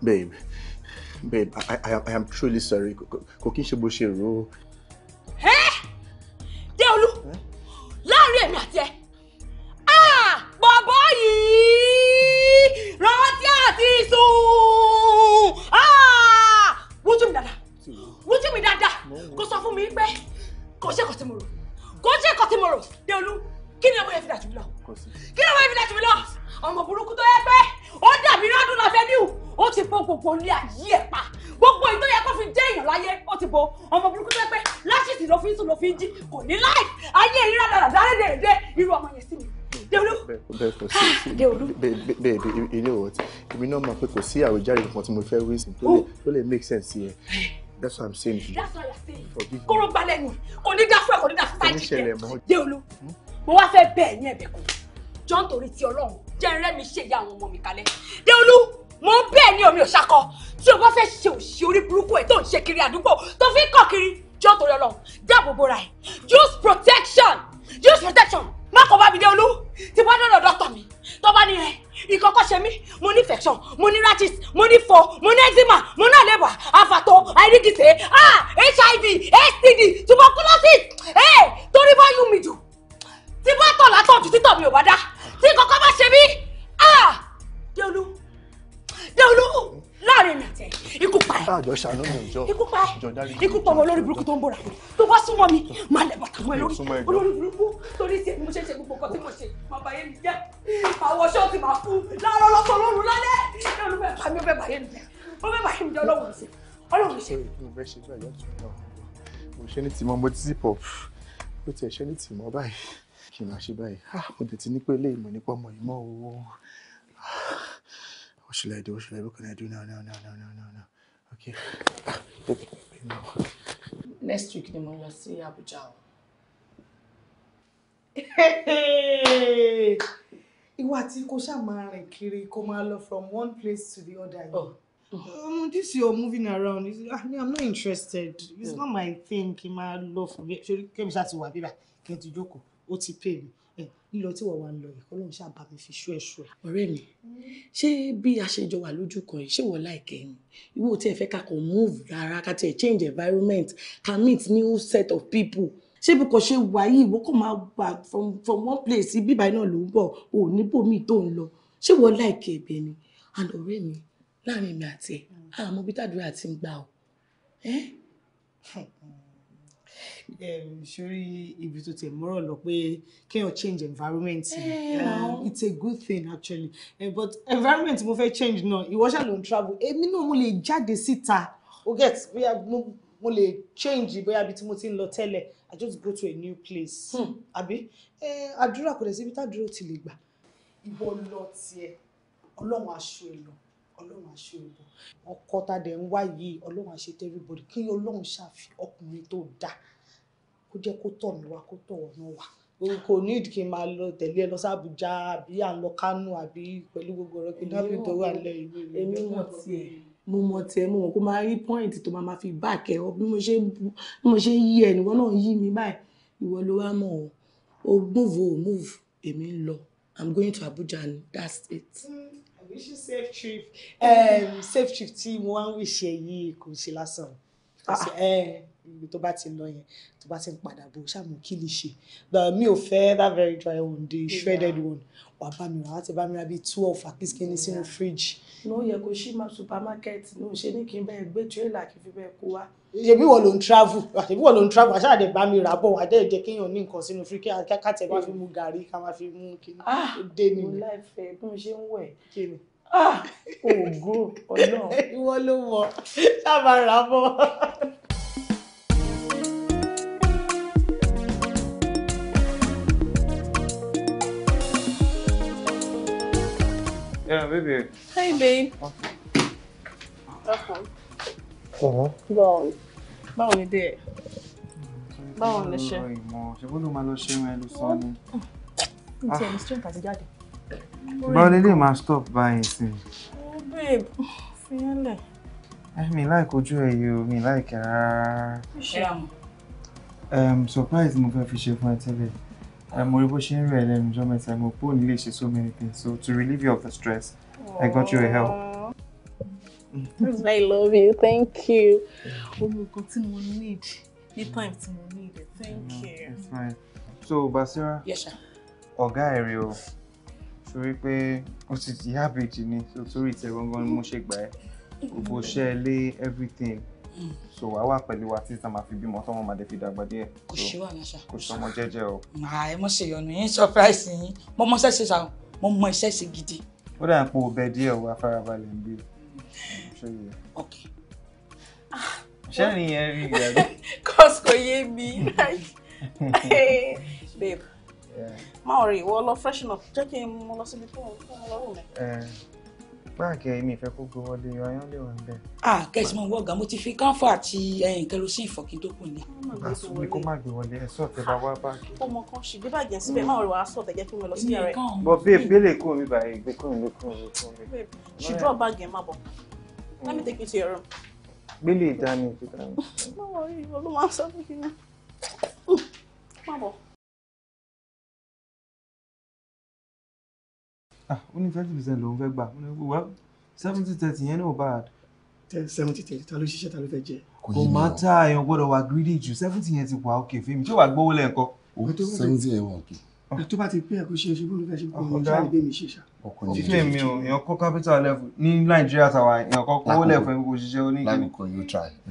babe babe I, I, I am truly sorry kò kí n ṣe bó ṣe rò sí àròjáre nǹkan tí mo fẹ́ rí tó lè oh. tó lè make sense yẹn that's what i'm saying that's what you're saying. forgive me. kóró balẹ̀ ni kò ní dá fún ẹ kò ní dá fún sáyidì kẹ yé olú hmm? mo wá fẹ́ bẹ́ẹ̀ ní ẹ̀bẹ̀ kan jọ́ nítorí ti ọlọ́run jẹ́ ẹrẹ́ mi ṣe ìyá àwọn ọmọ mi kalẹ̀ dé olú mo ń bẹ́ẹ̀ ni omi ò tí o bá fẹ́ ṣe òṣì orí burúkú ẹ̀ tó ń ṣe kiri àdúgbò tó fi ń kọ̀ kiri jọ́ torí ọlọ́run dáàbò bora ẹ̀ use protection use protection má kọ́ bá mi dé olú tí bá dọ̀dọ̀ dọ́tọ̀ mi tó bá ní ẹ̀ ìkọ̀kọ̀ ṣe mí mo ní infection mo ní rashes mo ní fọ mo ní eczema mo ní àlẹ́bà àfàtọ àìrígìsẹ̀ ah hiv std tuberculosis ẹ̀ eh, torí bá yún mi jù tí bá tọ̀ látọ̀ jù títọ̀ mi ò bá dá tí ìkọ̀kọ̀ bá ṣe mí ah Déolú Déolú láàrin mi àtẹ ikú pa ẹ ikú pa ẹ ah, ikú pa ọmọ olórí burúkú tó ń bọ̀ra tó bá súnmọ́ mi máa lẹ̀ bàtà mọ́ ẹ lórí olórí burúkú torí ṣe mo ṣe ṣe gbogbo nǹkan tí mo ṣe. fẹ́ ṣe báyìí lọ́tún náà mo ṣe ní tìmọ́ mo ti zip up ó tiẹ̀ ṣe ní tìmọ́ báyìí kí n máa ṣe báyìí mo dẹ̀ ti ní pé ilé ìmọ̀ nípa ọmọ ìmọ̀ owó what should I do what should I do can I do now now now now it now. next week ni mo lọ sí Abuja o. ìwà tí kò ṣáà rìn kiri kó máa lọ from one place to the other. Oh um, this your moving around is i ah, mean i'm not interested it's mm. not my thing kí n máa lọ fún mi ṣe kí n ṣáà ti wà bíbá kí n ti jókòó ó ti pè mí lílọ tí wọn wà ń lọ yìí Ọlọ́run ṣáà bá mi fi ṣú ẹ ṣú ẹ. ọ̀rẹ́ mi ṣé bí a wà lójú kan yìí ṣé wọn láìkẹ ni ìwọ tí ẹ fẹ́ ká kàn move rárá ká tiẹ̀ change environment ká meet new set of people ṣé bí kò ṣe wà yìí ìwọ kò máa wà from from one place bíbá iná ló ń bọ̀ ò níbòmíì tó ń lọ ṣé wọn láìkẹ ẹ̀bẹ̀ ni and ọ̀rẹ́ mi láàrin èmi àti ẹ àmọ́ hmm. bí tàdúrà ti ń gbà ọ. sórí ibi tó tẹ̀ mọ́rọ̀ lọ pé kéèyàn change environment eh, it's a good thing actually eh, but environment mo fẹ́ change náà ìwọ ṣáà ló ń travel èmi náà mo lè jáde síta o get bóyá mo lè change bóyá ibi tí mo ti ń lọ tẹ́lẹ̀ i just go to a new place hmm. àbí eh, àdúrà kò lè síbi tàdúrà ò ti lè gbà ìwọ lọ tiẹ̀ ọlọ́run aṣọ ẹ̀ lọ ọlọ́run àṣeyọbọ ọkọ tá dẹ̀ ń wá yìí ọlọ́run àṣetẹ everybody kí ọlọ́run ṣàfi ọkùnrin tó dáa kó jẹ́ kó tọ̀ mí kó tọ̀ ọ̀nà wá kò ní ìdí kí n máa lọ tẹ̀lé ẹ lọ sí Àbújá àbí à ń lọ Kánò àbí pẹ̀lú gbogbo ọ̀rọ̀ kìnìún àbí tó wà lẹ́yìn. èmi mọ̀ tiẹ̀ mo mọ̀ tiẹ̀ mo mọ̀ kó máa rí pọ́ìntì tó máa fi bá àkẹ́ ọ bí mo ṣe yí ẹ̀ níwọ náà yí mi báyìí ìwọ ló wá mọ̀ o move o move èmi ń lọ I'm going to Abuja and that's it. Mm wish you safe trip um, safe trip tí mo wá ń wish ẹ yìí kò ṣe lásán ah, ah. Eh, ibi tó bá ti lọ yẹn tó bá ti ń padà bọ̀ ṣàmù kí lè ṣe mi ò fẹ́ that very dry one the shredded one wà bá mi rà láti bá mi rà bíi twelve at least kí n ní sínú fridge. ló yẹ kó ṣí máa supermarket ló ń ṣe ní kí n bẹ́ẹ̀ gbé tírélà kí n fi bẹ́ẹ̀ kó wá ṣebí wọ́n ló ń travel ṣebí wọ́n ló ń travel àṣà àdẹ̀ bá mi rà bọ̀ àdẹ̀ jẹ́ kéèyàn ní nǹkan sínú fírí kátẹ̀ bá fi mú gàrí ká má fi mú kí ah, dé ni. mo láìfẹ́ bí mo ṣe ń wẹ̀ kí ni. Ah, ògo ọlọ́run. ìwọ ló mọ sábà rà bọ̀. Yeah, baby. Hi, babe. Okay. uh Uh-huh. Go on báwo ni dé ẹ báwo ni ṣe. ṣùgbọ́n ló máa lọ ṣe irun ẹ ló sọ ni. n tiẹ̀ ah. ní strength àti jáde. báwo lè lè máa stop báyìí sí. ó oh, babe fi yẹn lẹ̀. Eh, mi láì kojú ẹ yìí o mi láì kẹ rárá. ṣé àmọ́. Um, surprise mo fẹ́ fi ṣe fún ẹ tẹ́lẹ̀ mo rí bó ṣe ń rẹ̀ lẹ́nu ọjọ́ mẹ́ta mo pò ní lè ṣe so many things so to relieve you of the stress I got you a help. I love you. Thank you. Ọmọ nǹkan tí mo need ní time to mo need it. Thank mm -hmm. you. That's fine. So Basira. Yes, sir. Ọ̀gá ẹ̀rẹ̀ o. Torí pé ó ti ti habit ni. So torí ìtẹ̀ gangan ni mo ṣe gbà ẹ́. Gbogbo everything. So I wà pẹ̀lú wa títí tá máa fi bímọ tọ́mọ máa dé fi dàgbà díẹ̀. Kò ṣe wà náà ṣá. Kò sọmọ jẹ́jẹ́ o. Màá ẹ mọ̀ ṣe ìyọnu yín surprise yín. Mo mọ iṣẹ́ ṣe ṣàwọn. Mo mọ iṣẹ́ ṣe gidi. Ó dà ń pò bẹ o, afárabalẹ̀ ń bí ṣẹ́rin yẹn rí ìyá rẹ. cos kò yé mi babe máa rí ìwọ lọ freshen up jẹ́ kí n mú lọ síbi tó ń lọ́rùn mi eh, báàgì ẹ̀mí ìfẹ́ kó gbowó lé ọyán lè wà níbẹ̀. ah kẹ́sì mo wọ́gà mo ti fi kánfà àti eh, kẹrosíìn fọ̀kì tó kù ni. àṣù ni kó má gbé wọlé ẹ̀sọ́ ọ̀tẹ̀ bá wá báàgì. ọmọ kan ṣì gbé báàgì ẹ̀sìn bẹ́ẹ̀ máa rọ aṣọ ọ̀tẹ̀ jẹ́ fún mi lọ sí yàrá ẹ̀. bọ bẹẹ bẹẹ lè kó mi báyìí gbé kó mi lè kó mi lè báàgì ẹ̀ má bọ̀. Let me take you to your room. Billy, Danny, you can. Don't worry, you don't want something. Mama. Ah, ó ní thirty percent lòún fẹ́ gbà ó ní well seventy thirty yẹn know bad. seventy thirty ta ló ṣiṣẹ́ ta ló fẹ́ jẹ. kò má ta èèyàn gbọ́dọ̀ wà greedy jù seventy yẹn ti wà òkè fèmí tí ó wà gbówó lẹ́ẹ̀kan. seventy years okay tó bá ti pé ẹ̀kú ṣe ṣubú ló fẹ́ ṣe gbogbo ọjọ́ àlebé mi ṣe ṣá. ìfẹ́ mi o èèyàn kọ́ capital level ní nàìjíríà tàwa èèyàn kọ́ kówó lẹ́fọ̀ ní gbogbo ṣiṣẹ́ oníkìlì.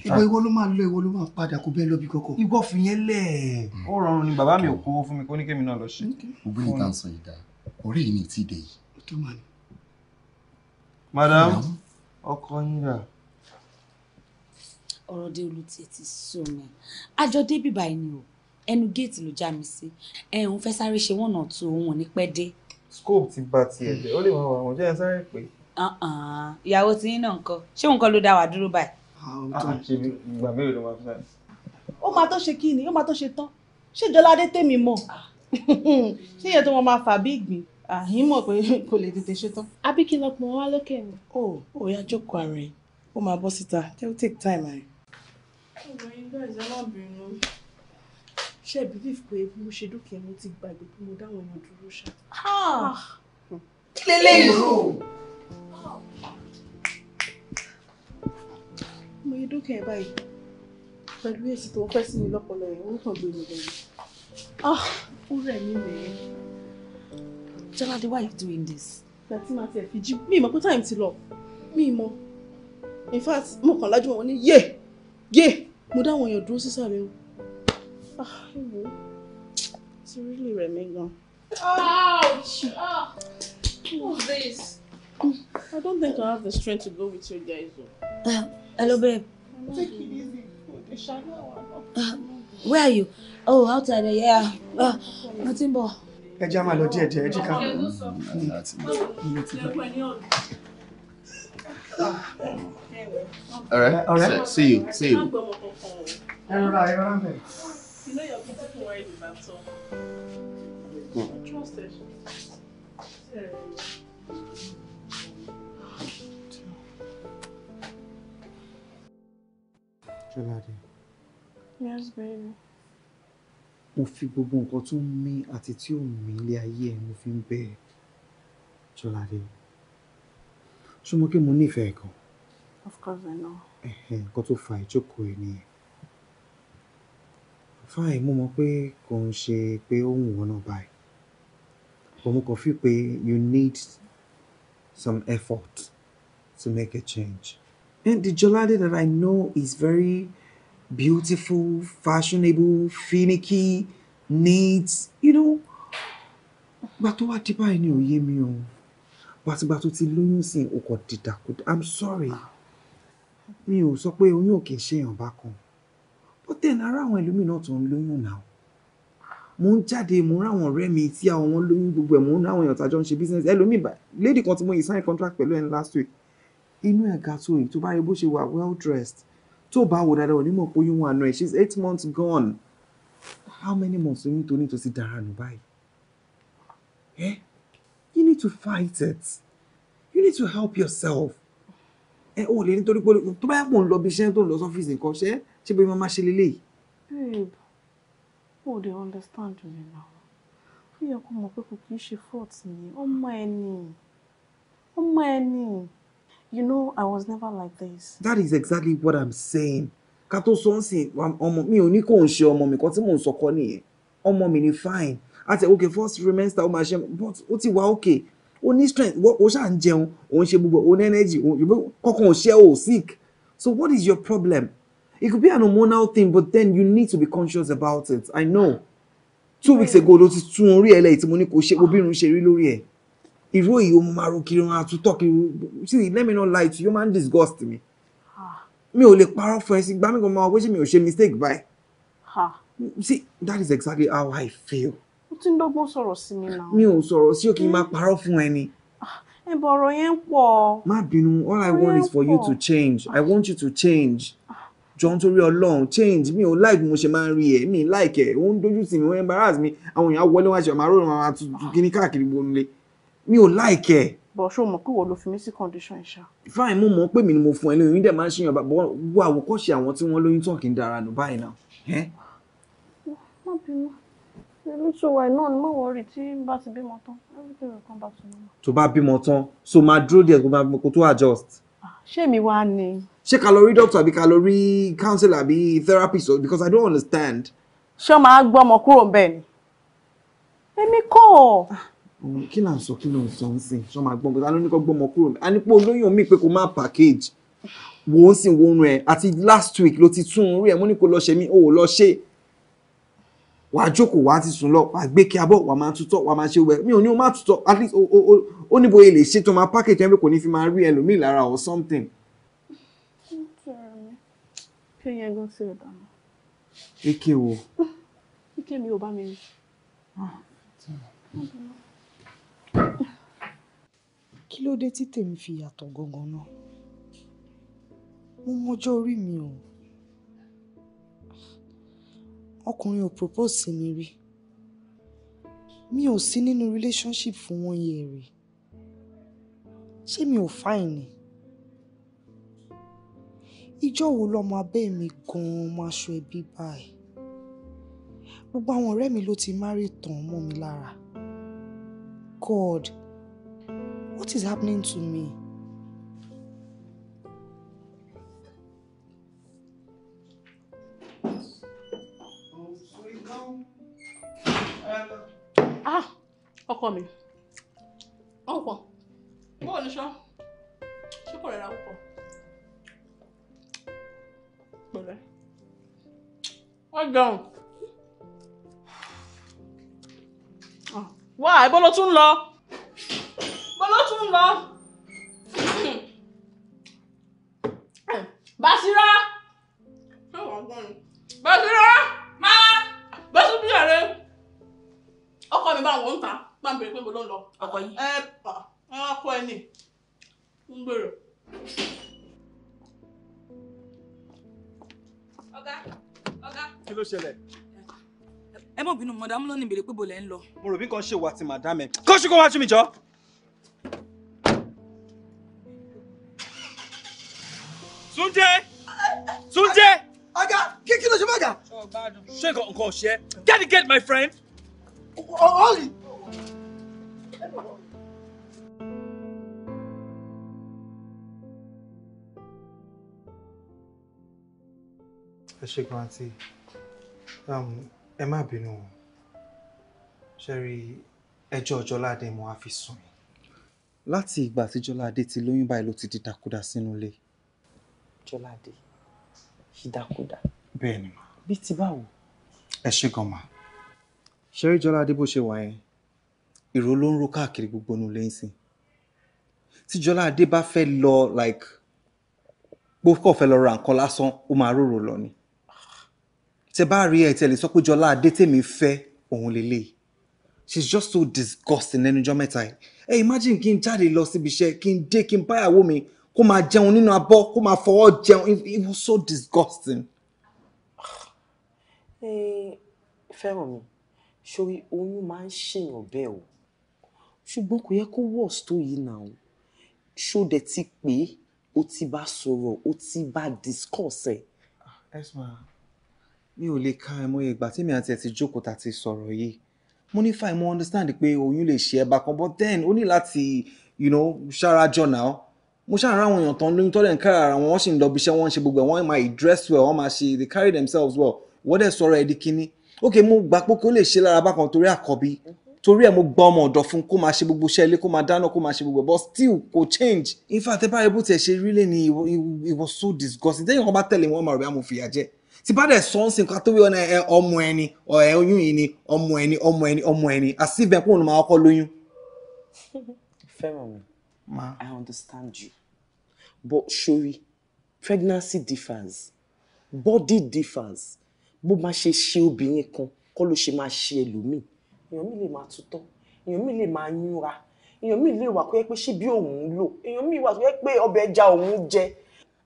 ìwọ ìwọ ló máa lọ ìwọ ló máa padà kó bẹ́ẹ̀ lọ bí kọ́kọ́. ìwọ fi yẹn lẹ̀. Hmm. ó rọrùn ni bàbá mi ò kó fún mi kó ní kémi náà lọ ṣe. ògbé yìí tá à ń sọ yìí dá orí yìí ni ti dé yìí. madam ọkọ yín rà. ọ̀rọ̀ dé olú tiẹ̀ ti sọ mi àjọ débìbà ẹni o ẹnu géètì ló já mi sí ẹ òun fẹ́ sáré ṣe one or two òun ò ní pẹ́ dé. scope ti ba tiẹ̀ jẹ́ ó lè máa wà wọ́n jẹ́ ẹ sáré pé. Uh-uh. ìyàwó ti yín náà nǹkan ṣé òun kọ́ ló dá wà dúró báyìí. Ah, ìgbà mélòó ló máa fẹ́. ó máa tó ṣe kí ni ó máa tó ṣe tán ṣé jọládé tèmi mọ̀ ah. ṣé iye tó wọn máa fà bí ìgbín àhín ah, mọ̀ pé kò lè tètè ṣe tán. àbí kí n lọ pọ̀ wá lókè mi. ó ó yá jókòó ara ẹ̀ ó máa bọ́ síta they will take time. ọmọ yín gbọ́ ìjọba bìnrin ṣe believe pé bí mo ṣe dókè mo ti gbàgbé bí mo dáwọn èèyàn dúró ṣá. Ah! kí lélẹ́ ìró. mo yẹ dókè ẹ báyìí pẹ̀lú èsì tó ń fẹ́ sí mi lọ́pọlọ yẹn orúkọ gbé mi lẹ́yìn. Ah! ó rẹ̀ mí mẹ́ẹ́. Jolade, why are you doing this? Láti máa ti ẹ̀fìjì. Mi mọ̀ pé time ti lọ. Mi mọ̀. In fact, mo kàn lájú wọn ní yé yé mo dáwọn èèyàn dúró sísàlẹ̀ o ìwò ti rí lè ouch ah who's this. I don't think I have the strength to go with you guys. Uh, hello, babe. Take it easy. Uh, where are you? Oh, outside there, yeah. Uh, nothing more. Ẹ jẹ́ a máa lọ díẹ̀ díẹ̀, ẹ jí ká. All right, all right. See you, see you. Ẹ rọra, ẹ rọra mẹ́. You know you're beautiful wearing the baton. Mm. I trust it. Jolade. Yes, baby. Mo fi gbogbo nǹkan tó ń mí àti tí ò mí ilé ayé ẹ̀ mo fi ń bẹ̀ Jolade. Súnmọ́ kí mo nífẹ̀ẹ́ kan. Of course I know. Nǹkan tó fa ìjókòó ẹ nìyẹn fine, mo mọ̀ pé kò ń ṣe pé ó wù wọ́n báyìí. But mo kàn feel pé you need some effort to make a change. And the Jolade that I know is very beautiful, fashionable, finicky, neat, you know. Ìgbà tó wá dé báyìí ni ò yé mi o. Gbàtígbà tó ti lóyún sí i, o kò dìdàkudà. I'm sorry. Mi ò sọ pé oyún ò kì í ṣe èèyàn but then ara àwọn ẹlòmíì náà tó ń lóyún náà mo ń jáde mo ń ráwọn ọ̀rẹ́ mi tí àwọn wọn lóyún gbogbo ẹ̀ mo ń ráwọn èèyàn tàjọ ń ṣe business ẹlòmíì bá lady kan tí mo yìí sign contract pẹ̀lú ẹ̀ last week inú ẹ̀ ga tó yìí tó bá rí bó ṣe wà well dressed tó bá wò dáadáa onímọ̀ pé oyún wà náà she's eight months gone how many months oyún tó ní tó ti dára nù báyìí eh you need to fight it you need to help yourself ẹ eh, ò lè nítorí pé tó bá yẹ kó ń lọ bí iṣẹ́ tó ń lọ sọ́fíìsì nǹkan ṣe ṣé bóyá mo máa ṣe lélẹ́yìí. babe o dey understand me now ó yẹ kó mọ̀ pé kò kí ń ṣe fault mi ọmọ ẹni ọmọ ẹni you know I was never like this. that is exactly what I'm saying ká tó sọ ń sìn ọmọ mi ò ní kó ń ṣe ọmọ mi kan tí mò ń sọkọ nìyẹn ọmọ mi ni fine àti okay first trimester ó máa ṣe but ó ti wá okay ó ní strength ó ṣáà ń jẹun ó ń ṣe gbogbo ó ní energy kọkàn ò ṣe ó sick so what is your problem. It could be an hormonal thing, but then you need to be conscious about it. I know. Two weeks ago, ló ti tún orí ẹ̀ lẹ́yìn tí mo ní kò ṣe obìnrin ṣe rí lórí ẹ̀. Irú èyí ó máa ro kiri wọn àtúntọ̀ kiri. See, let me not lie to you, ó máa ń disgust mi. Ah. Mi ò lè parọ́ fún ẹ sí gbá mi kan máa wọ́n ṣe mi ò ṣe mistake báyìí. Ah. See, that is exactly how I feel. Ó ti ń dọ́gbọ́n sọ̀rọ̀ sí mi náà. Mi ò sọ̀rọ̀ sí òkè máa parọ́ fún ẹni. Ah, Ẹ̀bọ̀rọ̀ yẹn pọ̀. Má bínú, all I want is for you to change. I want you to change jọ ń torí ọlọ́run change mi ò like mo ṣe máa ń rí ẹ̀ mi like ẹ̀ ó ń dojú sí mi ó ń embarrass mi àwọn èèyàn wọlé wá ṣe ọmọ aróòrùn àwọn àtúntò kíní káàkiri gbónulé mi ò like ẹ̀. bọ̀ ṣó mọ̀ pé wo ló fi mí sí condition ìṣá. fine mo mọ̀ pé mi ni mo fún ẹ lóyún dẹ̀ máa ń ṣèyàn bàbá wo àwòkọ́ṣe àwọn tí wọ́n lóyún tàn kí n dára nù báyìí náà. má bínú èmi tó wà náà ni mo wọrí tí n bá ti bímọ tán everything will come back to normal. tó bá bímọ tán so máa dúró díẹ̀ kó tó adjust. Ah, ṣé mi wá ni ṣé ká lọ rí doctor àbí ká lọ rí counselor àbí therapist because I don't understand. ṣé o máa gbọ́ ọmọ kúrò bẹ́ẹ̀ ni èmi kọ́ kí là ń sọ kí ló ń sọ ń sìn ṣọ́ máa gbọ́n bọ́tà lónìí kọ́ gbọ́n ọmọ kúrò a ní pé olóyún mi pé kó má package wò ó sì wò ó rẹ àti last week ló ti tún un rí ẹ mo ní kó lọ ṣe mí o ò lọ ṣe wàá jókòó wàá ti sùn lọ wàá gbé kí abọ́ wàá máa tutọ́ wàá máa ṣe wẹ̀ mi ò ní o máa tutọ́ at least ó níbo ilé ṣe tó máa package ẹ pé kò ní fi máa rí ẹlòmíì lára or something Ike yẹn gan sí ọ̀dà mi. Ike wo? Ike mi ò bá mi rí. Kí ló dé tí tèmi fi yàtọ̀ gangan náà? Mo mọjọ́ orí mi o. Ọkùnrin ò propose sí mi rí. Mi ò sí nínú relationship fún one year rí. Ṣé mi ò fine ni? ìjọ wo lọ́mọ abẹ́ mi gan-an máa ṣọ ẹbí báyìí gbogbo àwọn ọ̀rẹ́ mi ló ti márì tàn mọ́ mi lára God what is happening to me. ah ọkọ mi jẹun. wá ibo ló tún lọ ibo ló tún lọ. Basira Basira máa Basira bí ọ̀rẹ́ ọkọ mi bá wọn ń ta máa ń bèrè pé mo ló ń lọ ọkọ yìí. mọ̀dámú ló ní ìbèrè pé bò lẹ́ ń lọ. mo rò bí nǹkan ṣe wà tí màdám ẹ kó ṣe kó wá tún mi jọ. Túndé Túndé. ọ̀gá kí kí ló ṣe bọ́gà. ṣé nǹkan nǹkan ọ̀ṣẹ́ get it get my friend. ọ̀ọ́lì. ẹ ṣe gan àǹtí ẹ má bínú o ṣẹ́rí ẹjọ́ Jọládé mo wá fi sùn yìí. láti ìgbà tí Jọládé ti lóyún báyìí ló ti di dàkúdà sínú ilé. Jọládé ìdàkúdà. bẹ́ẹ̀ ni mà. bí ti báwo. ẹ ṣe gan ma. ṣẹ́rí Jọládé bó ṣe wà yẹn ìró ló ń ro káàkiri gbogbo inú ilé tí Jọládé bá fẹ́ lọ like bó kọ̀ fẹ́ lọ ra nǹkan lásán ó máa rorò lọ ni tẹ bá rí ẹ tẹ lè sọ pé Jọládé tèmi fẹ́ òun lélẹ́yìí e she's just so disgusting lẹ́nu ọjọ́ mẹ́ta yìí ẹ imagine kí n jáde lọ síbi iṣẹ́ kí n dé kí n báyàwó mi kó máa jẹun nínú abọ́ kó máa fọwọ́ jẹun it was so disgusting. fẹ́ràn mi sórí oyún máa ń ṣèyàn bẹ́ẹ̀ o ṣùgbọ́n kò yẹ kó worse tó yìí náà o ṣó dẹ̀ ti pé o ti bá sọ̀rọ̀ o ti bá discuss ẹ̀. ẹ ah, sọ ma mi ò lè ka ẹ mọ ìgbà tí mi àti ẹ ti jókòó ta ti sọ̀rọ̀ yìí mo fine mo understand pé oyún lè ṣe ẹ̀bà kan but then ó ní láti you know ṣarajọ náà mo ṣáà ráwọn èèyàn tán lóyún tọ́lẹ̀ ń kára ara wọn wọ́n sì ń lọ ibiṣẹ́ wọ́n ń ṣe gbogbo ẹ̀ wọ́n máa dress well wọ́n máa ṣe they carry themselves well wọ́n dẹ̀ sọ̀rọ̀ ẹ̀ di kínní ok mo gbà pé kó lè ṣe lára bákan torí àkọ́bí torí ẹ̀ mo gba ọmọ ọ̀dọ̀ fún kó máa ṣe gbogbo iṣẹ́ ilé kó máa dáná kó máa ṣe gbogbo ẹ̀ but still kò change in fact ẹ bá rẹ bó tiẹ̀ ṣe rí lé ni it was so disgusting tẹ́yìn kan bá tẹ̀lé wọn máa rẹ̀ á mo fìyà jẹ tí bá dẹ̀ sọ ń sin ká tó wí ọ̀nà ẹ ọmọ ẹni ẹ oyún yìí ni ọmọ ẹni ọmọ ẹni ọmọ ẹni àti ìbẹ̀ kóun máa kọ́ lóyún. fẹ́ràn mi I understand you but sori pregnancy differs body differs bó máa ṣe ṣe obìnrin kan kọ́ ló ṣe máa ṣe ẹlòmíì èèyàn mi lè máa tutọ́ èèyàn mi lè máa yúnra èèyàn mi lè wà kó yẹ pé ṣé bí òun lò èèyàn mi wà kó yẹ pé ọbẹ̀ ẹja òun jẹ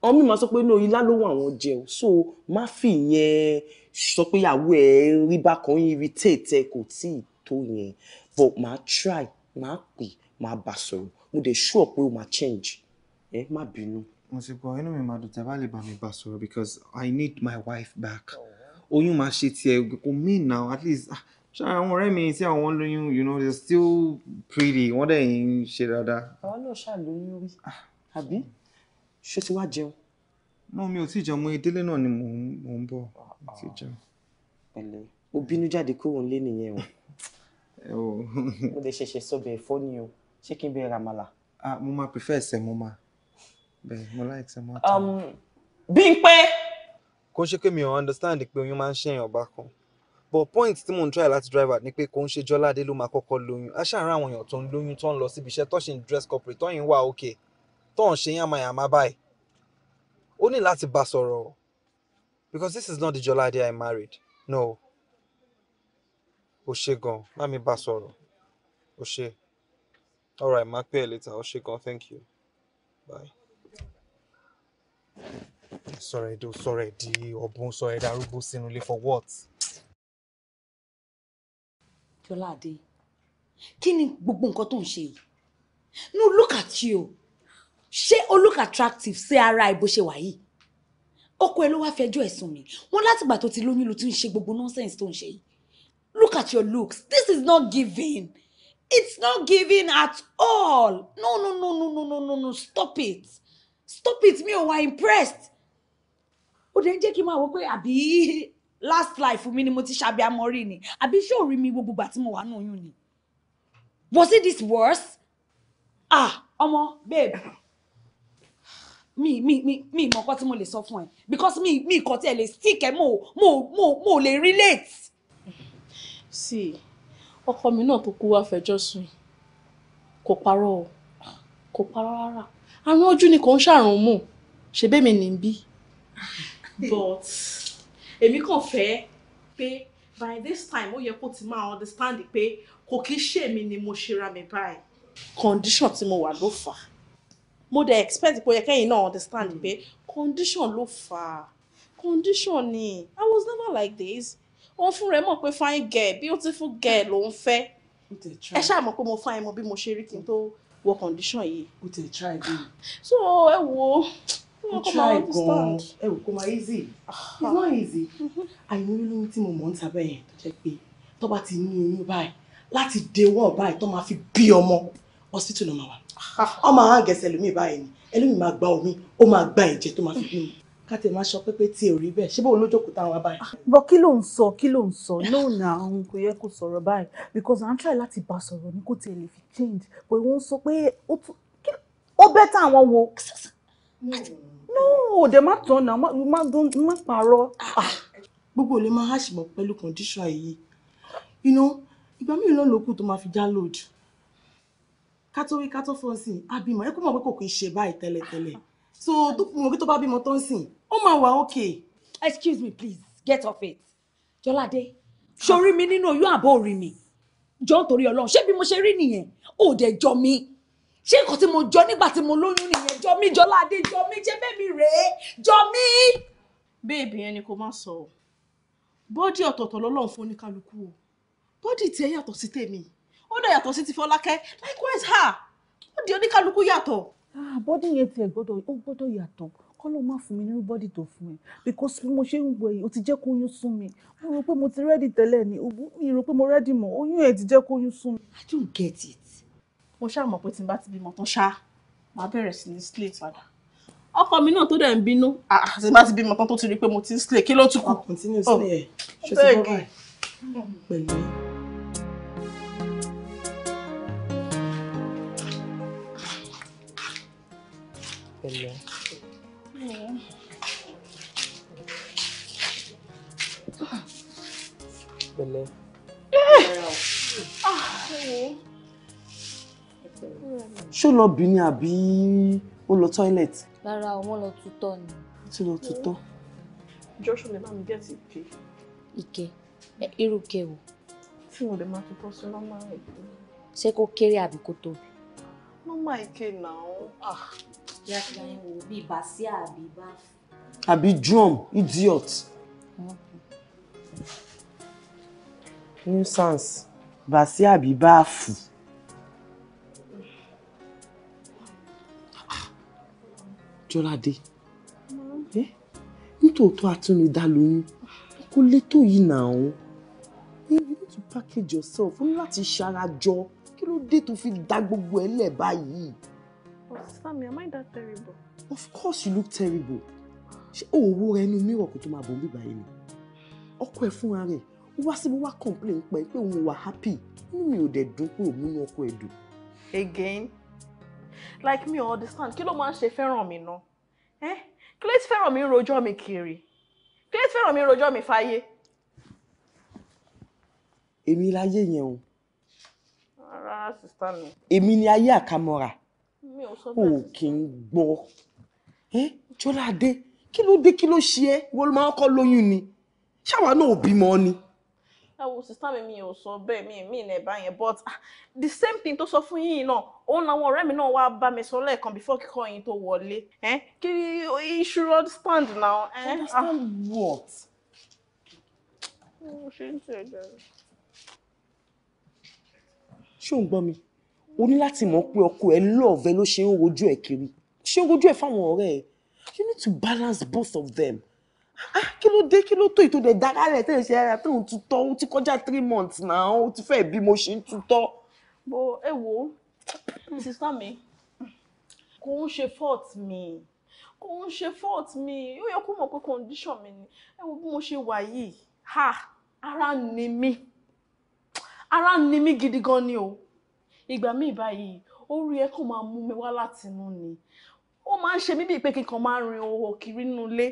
àwọn míì máa sọ pé no ilá ló wọ́n àwọn jẹ so má fi yẹn sọ pé ìyàwó ẹ rí bákan irritate ẹ kò tí ì tó yẹn but màá try màá pè màá bá sọ̀rọ̀ mo dẹ̀ sure pé o máa change ẹ má bínú. mo ti gbọ́ inú mi máa dùn tẹ́ bá lè bá mi bá sọ̀rọ̀ because i need my wife back oyún máa ṣe tiẹ̀ kò mean now at least ah, ṣáà àwọn ọ̀rẹ́ mi tí àwọn lóyún you know they're still pretty wọ́n dẹ̀ ń ṣe dáadáa. àwọn náà ṣàlóyún rí ah. àbí ṣé ti wá jẹun. náà mi ò tí ì jẹun mo ìdílé náà ni mò ń bọ̀ mo ti jẹun. pẹ̀lẹ́ o bínú jáde kúrò nílé nìyẹn o. ẹ o. mo lè ṣẹ̀ṣẹ̀ sọbẹ̀ ẹ̀fọ́ ni o ṣé kí n bẹ ramala. ah mo máa prefer ẹsẹ̀ mo máa bẹ́ẹ̀ mo like ṣe mo ta. Um, Bímpé. kò ṣe pé mi ò understand pé oyún máa ń ṣèyàn ọba kan but point tí mò ń try láti drive at ni pé kò ń ṣe Jọládé ló máa kọ́kọ́ lóyún aṣáára àwọn èèyàn tó ń lóyún tó ń lọ síbi iṣẹ́ tó ṣe ń dress corporate tó yìí ń wà okay tó ń ṣe yàmàyàmà báyìí ó ní láti bá sọ̀rọ̀ because this is not the Jọládé I married no o ṣe gan má mi bá sọ̀rọ̀ o ṣe alright má pè é later o ṣe gan thank you bye. sọ̀rọ̀ èdè sọ̀rọ̀ èdè ọ̀bùn sọ̀rọ̀ èdè arúgbó sínú ilé for what. Jọládé kí ni gbogbo nǹkan tó ń ṣe yìí no look at you ṣé ó look attractive sí ara ẹ bó ṣe wà yìí ọkọ ẹ ló wáá fẹjọ́ ẹ̀sùn mi wọn látìgbà tó ti lóyún ló ti ń ṣe gbogbo nonsense tó ń ṣe yìí look at your looks this is not giving it's not giving at all no no no no no no no no stop it stop it mi ò wá impressed ó dẹ̀ ń jẹ́ kí n máa wọ pé àbí last life mi ni mo ti ṣàbí amọ̀rí ni àbí ṣé ò rí mi gbogbo ìgbà tí mo wà nù oyún ni was it this worse ah ọmọ babe mi mi mi mi mọ nǹkan tí mo lè sọ fún ẹ because mi mi nǹkan tí ẹ lè stick ẹ mo mo mo mo lè relate. sí ọkọ mi náà tó kú wá fẹjọ́ sùn kò parọ́ kò parọ́ rárá àrùn ojú ni kò ń ṣàrùn mù ṣe bẹ́ẹ̀ ni bí. but èmi kàn fẹ́ pé by this time ó yẹ kó ti máa understand pé kò kí mi ni mo ṣe ra mi báyìí. condition tí mo wà ló fà á mo dẹ̀ expect pé ó yẹ kẹ́yìn náà understand pé condition ló fà á condition ni I was never like this òun fún rẹ̀ mọ̀ pé fine girl beautiful girl lòun fẹ́ ẹ ṣáà mọ̀ pé mo fine mọ bí mo ṣe rí kí n tó wọ condition yìí. o tẹ try bi. so ẹ wo. o try gan ẹ wo kó ma easy it's not easy. Mhm. àìmọ̀ olóyún tí mo mọ̀ ń sábẹ́ yẹn tó jẹ́ pé tó bá ti ní oyún báyìí láti day one báyìí tó máa fi bí ọmọ hospital náà máa wà ọ máa hàn gẹ̀ẹ́sẹ̀ lómi báyìí ni ẹlòmí máa gba omi ó máa gba ẹ̀jẹ̀ tó máa fi bímọ ká tẹ máa sọ pépé tí ò rí bẹ́ẹ̀ ṣé bóun ló jókòó táwọn abáyé. bọ kí ló ń sọ kí ló ń sọ no na òun kò yẹ kó sọ̀rọ̀ báyìí because i'm try láti bá sọ̀rọ̀ ní kò tiẹ̀ lè fi change pé wọ́n sọ pé ó bẹ́ táwọn wo no dẹ̀ má tán náà má parọ́. Ah. gbogbo ò lè máa hàṣìmọ̀ pẹ̀lú condition yìí you know ìgbà mélòó lókù tó máa fi já lóòdù ká tó wí ká tó fọ́n sìn á bímọ ẹ kó mọ̀ pé kò kì í ṣe báyìí tẹ́lẹ̀tẹ́lẹ̀ so dúpọ̀ pé tó bá bímọ tó ń sìn ó máa wà okay. excuse me please get off it jọládé sori ah. mi nínú oyún àbọ̀ orin mi jọ nítorí ọlọ́run ṣé bí mo ṣe rí nìyẹn ò dẹ̀ jọ mi ṣé nǹkan tí mo jọ nígbà tí mo lóyún nìyẹn jọ mi jọládé jọ mi ṣé bẹ́ẹ̀ mi rèé jọ mi. bẹ́ẹ̀bì yẹn ni kò má sọ ọ́ bọ́dì ọ̀tọ̀ọ̀tọ̀ lọ́lọ́run fún oníkálukú o bọ́dì tiẹ̀ yàtọ̀ sí tèmi ó dẹ̀ yàtọ̀ sí ti Fọlákẹ́ likewise ha ó di oníkálukú yàtọ̀. Ah, bọ́dí yẹn tiẹ̀ gbọ́dọ̀ ó gbọ́dọ̀ yàtọ̀ kọ́lọ́ má fún mi nínú bọ́dì tó fún mi because bí mo ṣe ń wẹ̀ yìí o ti jẹ́ kó oyún sún mi mo rò pé mo ti rẹ́dì tẹ́lẹ̀ ni mi rò pé mo rẹ́dì mọ́ oyún ẹ̀ ti jẹ́ kó oyún sún mi. I don't get it. mo ṣáà mọ̀ pé tí n bá ti bímọ tán ṣá màá bẹ̀rẹ̀ sí ní slate padà ọkọ mi náà tó dẹ̀ ń bínú àti ah, ah, bá ti bímọ tán tó ti rí i pé mo ti ń slate kí ló tún kù. continue oh, sílẹ̀ ṣe ti bọ́ báyìí pẹ̀lẹ́. pẹ̀lẹ́. ṣó lọ bí ni àbí ó lọ toilet. rárá o wọ́n lọ tutọ́ ni. ó ti lọ tutọ́. jọ́ṣù lè bá mi gẹ̀ sí ike. ike irú ke o. tí mo lè máa tutọ́ sí nọ́mà ike. ṣé kó kéré àbí kó tóbi. nọ́mà ike náà. Ah kí á fi àyẹ̀wò bíi bàṣíà àbí báf. drum idiot. nuisance bàṣíà àbí báàfù. jọládé nítòótọ́ atúnidá lóyún kó lé tó yìí nà o. you need to package yourself o ní láti ṣarajọ kí ló dé tó fi dá gbogbo ẹ lẹ̀ Mrs. Fami, am I that terrible? Of course you look terrible. Ṣé o wo rẹ inú mìíràn kó tó máa bọ̀ ń bíbá yìí ni? Ọkọ ẹ̀ fúnra rẹ̀, ó wá síbi wá complain pé pé òun wà happy. Inú mi ò dẹ̀ dùn pé òun múnú ọkọ ẹ̀ dùn. Again, like me all this time, kí ló máa ń ṣe fẹ́ràn mi ná? Eh? Kí ló ti fẹ́ràn mi ń rojọ́ mi kiri? Kí ló ti fẹ́ràn mi ń rojọ́ mi fáyé? Èmi láyé yẹn o. Rárá, sísá mi. Èmi ni ayé àkàmọ́ra mi ò sọ bẹ́ẹ̀. o kì í gbọ́ ẹ jọládé kí ló dé kí ló ṣe ẹ ìwọ ló máa ń kọ́ lóyún ni ṣáwa náà ò bímọ ni. ẹ wo sista mi mi ò sọ bẹ́ẹ̀ mi mi ilẹ̀ bá but ah, the same thing tó sọ fún yín náà òun làwọn ọ̀rẹ́ mi náà wá bá mi sọ lẹ́ẹ̀kan before kíkọ́ yín tó wọlé ẹ kí iṣu rod stand now. Ah. understand what. ṣé ń tẹ̀ ẹ́ dára. ṣé ò ń gbọ́ mi o ní láti mọ̀ pé ọkọ ẹ lọ́ọ̀vẹ́ ló ṣe ń wojú ẹ kiri ṣe ń wojú ẹ fáwọn ọ̀rẹ́ ẹ you need to balance both of them ah kí ló dé kí ló tó ìtòdè dákàlẹ̀ tẹ̀ ṣe ara tó ń tutọ́ ó ti kọjá three months náà ó ti fẹ́ bí mo ṣe ń tutọ́. bo ẹ wo sísá mi kò ń ṣe fault mi kò ń ṣe fault mi ó yẹ kó mọ̀ pé condition mi ni ẹ wo bí mo ṣe wà yìí ha ara ni mí ara ni mí gidi gan ni o ìgbà míì báyìí orí ẹ máa mú mi wá láti inú ni ó máa ń ṣe mí bíi pé kí n kàn máa rin òwò kiri nínú ilé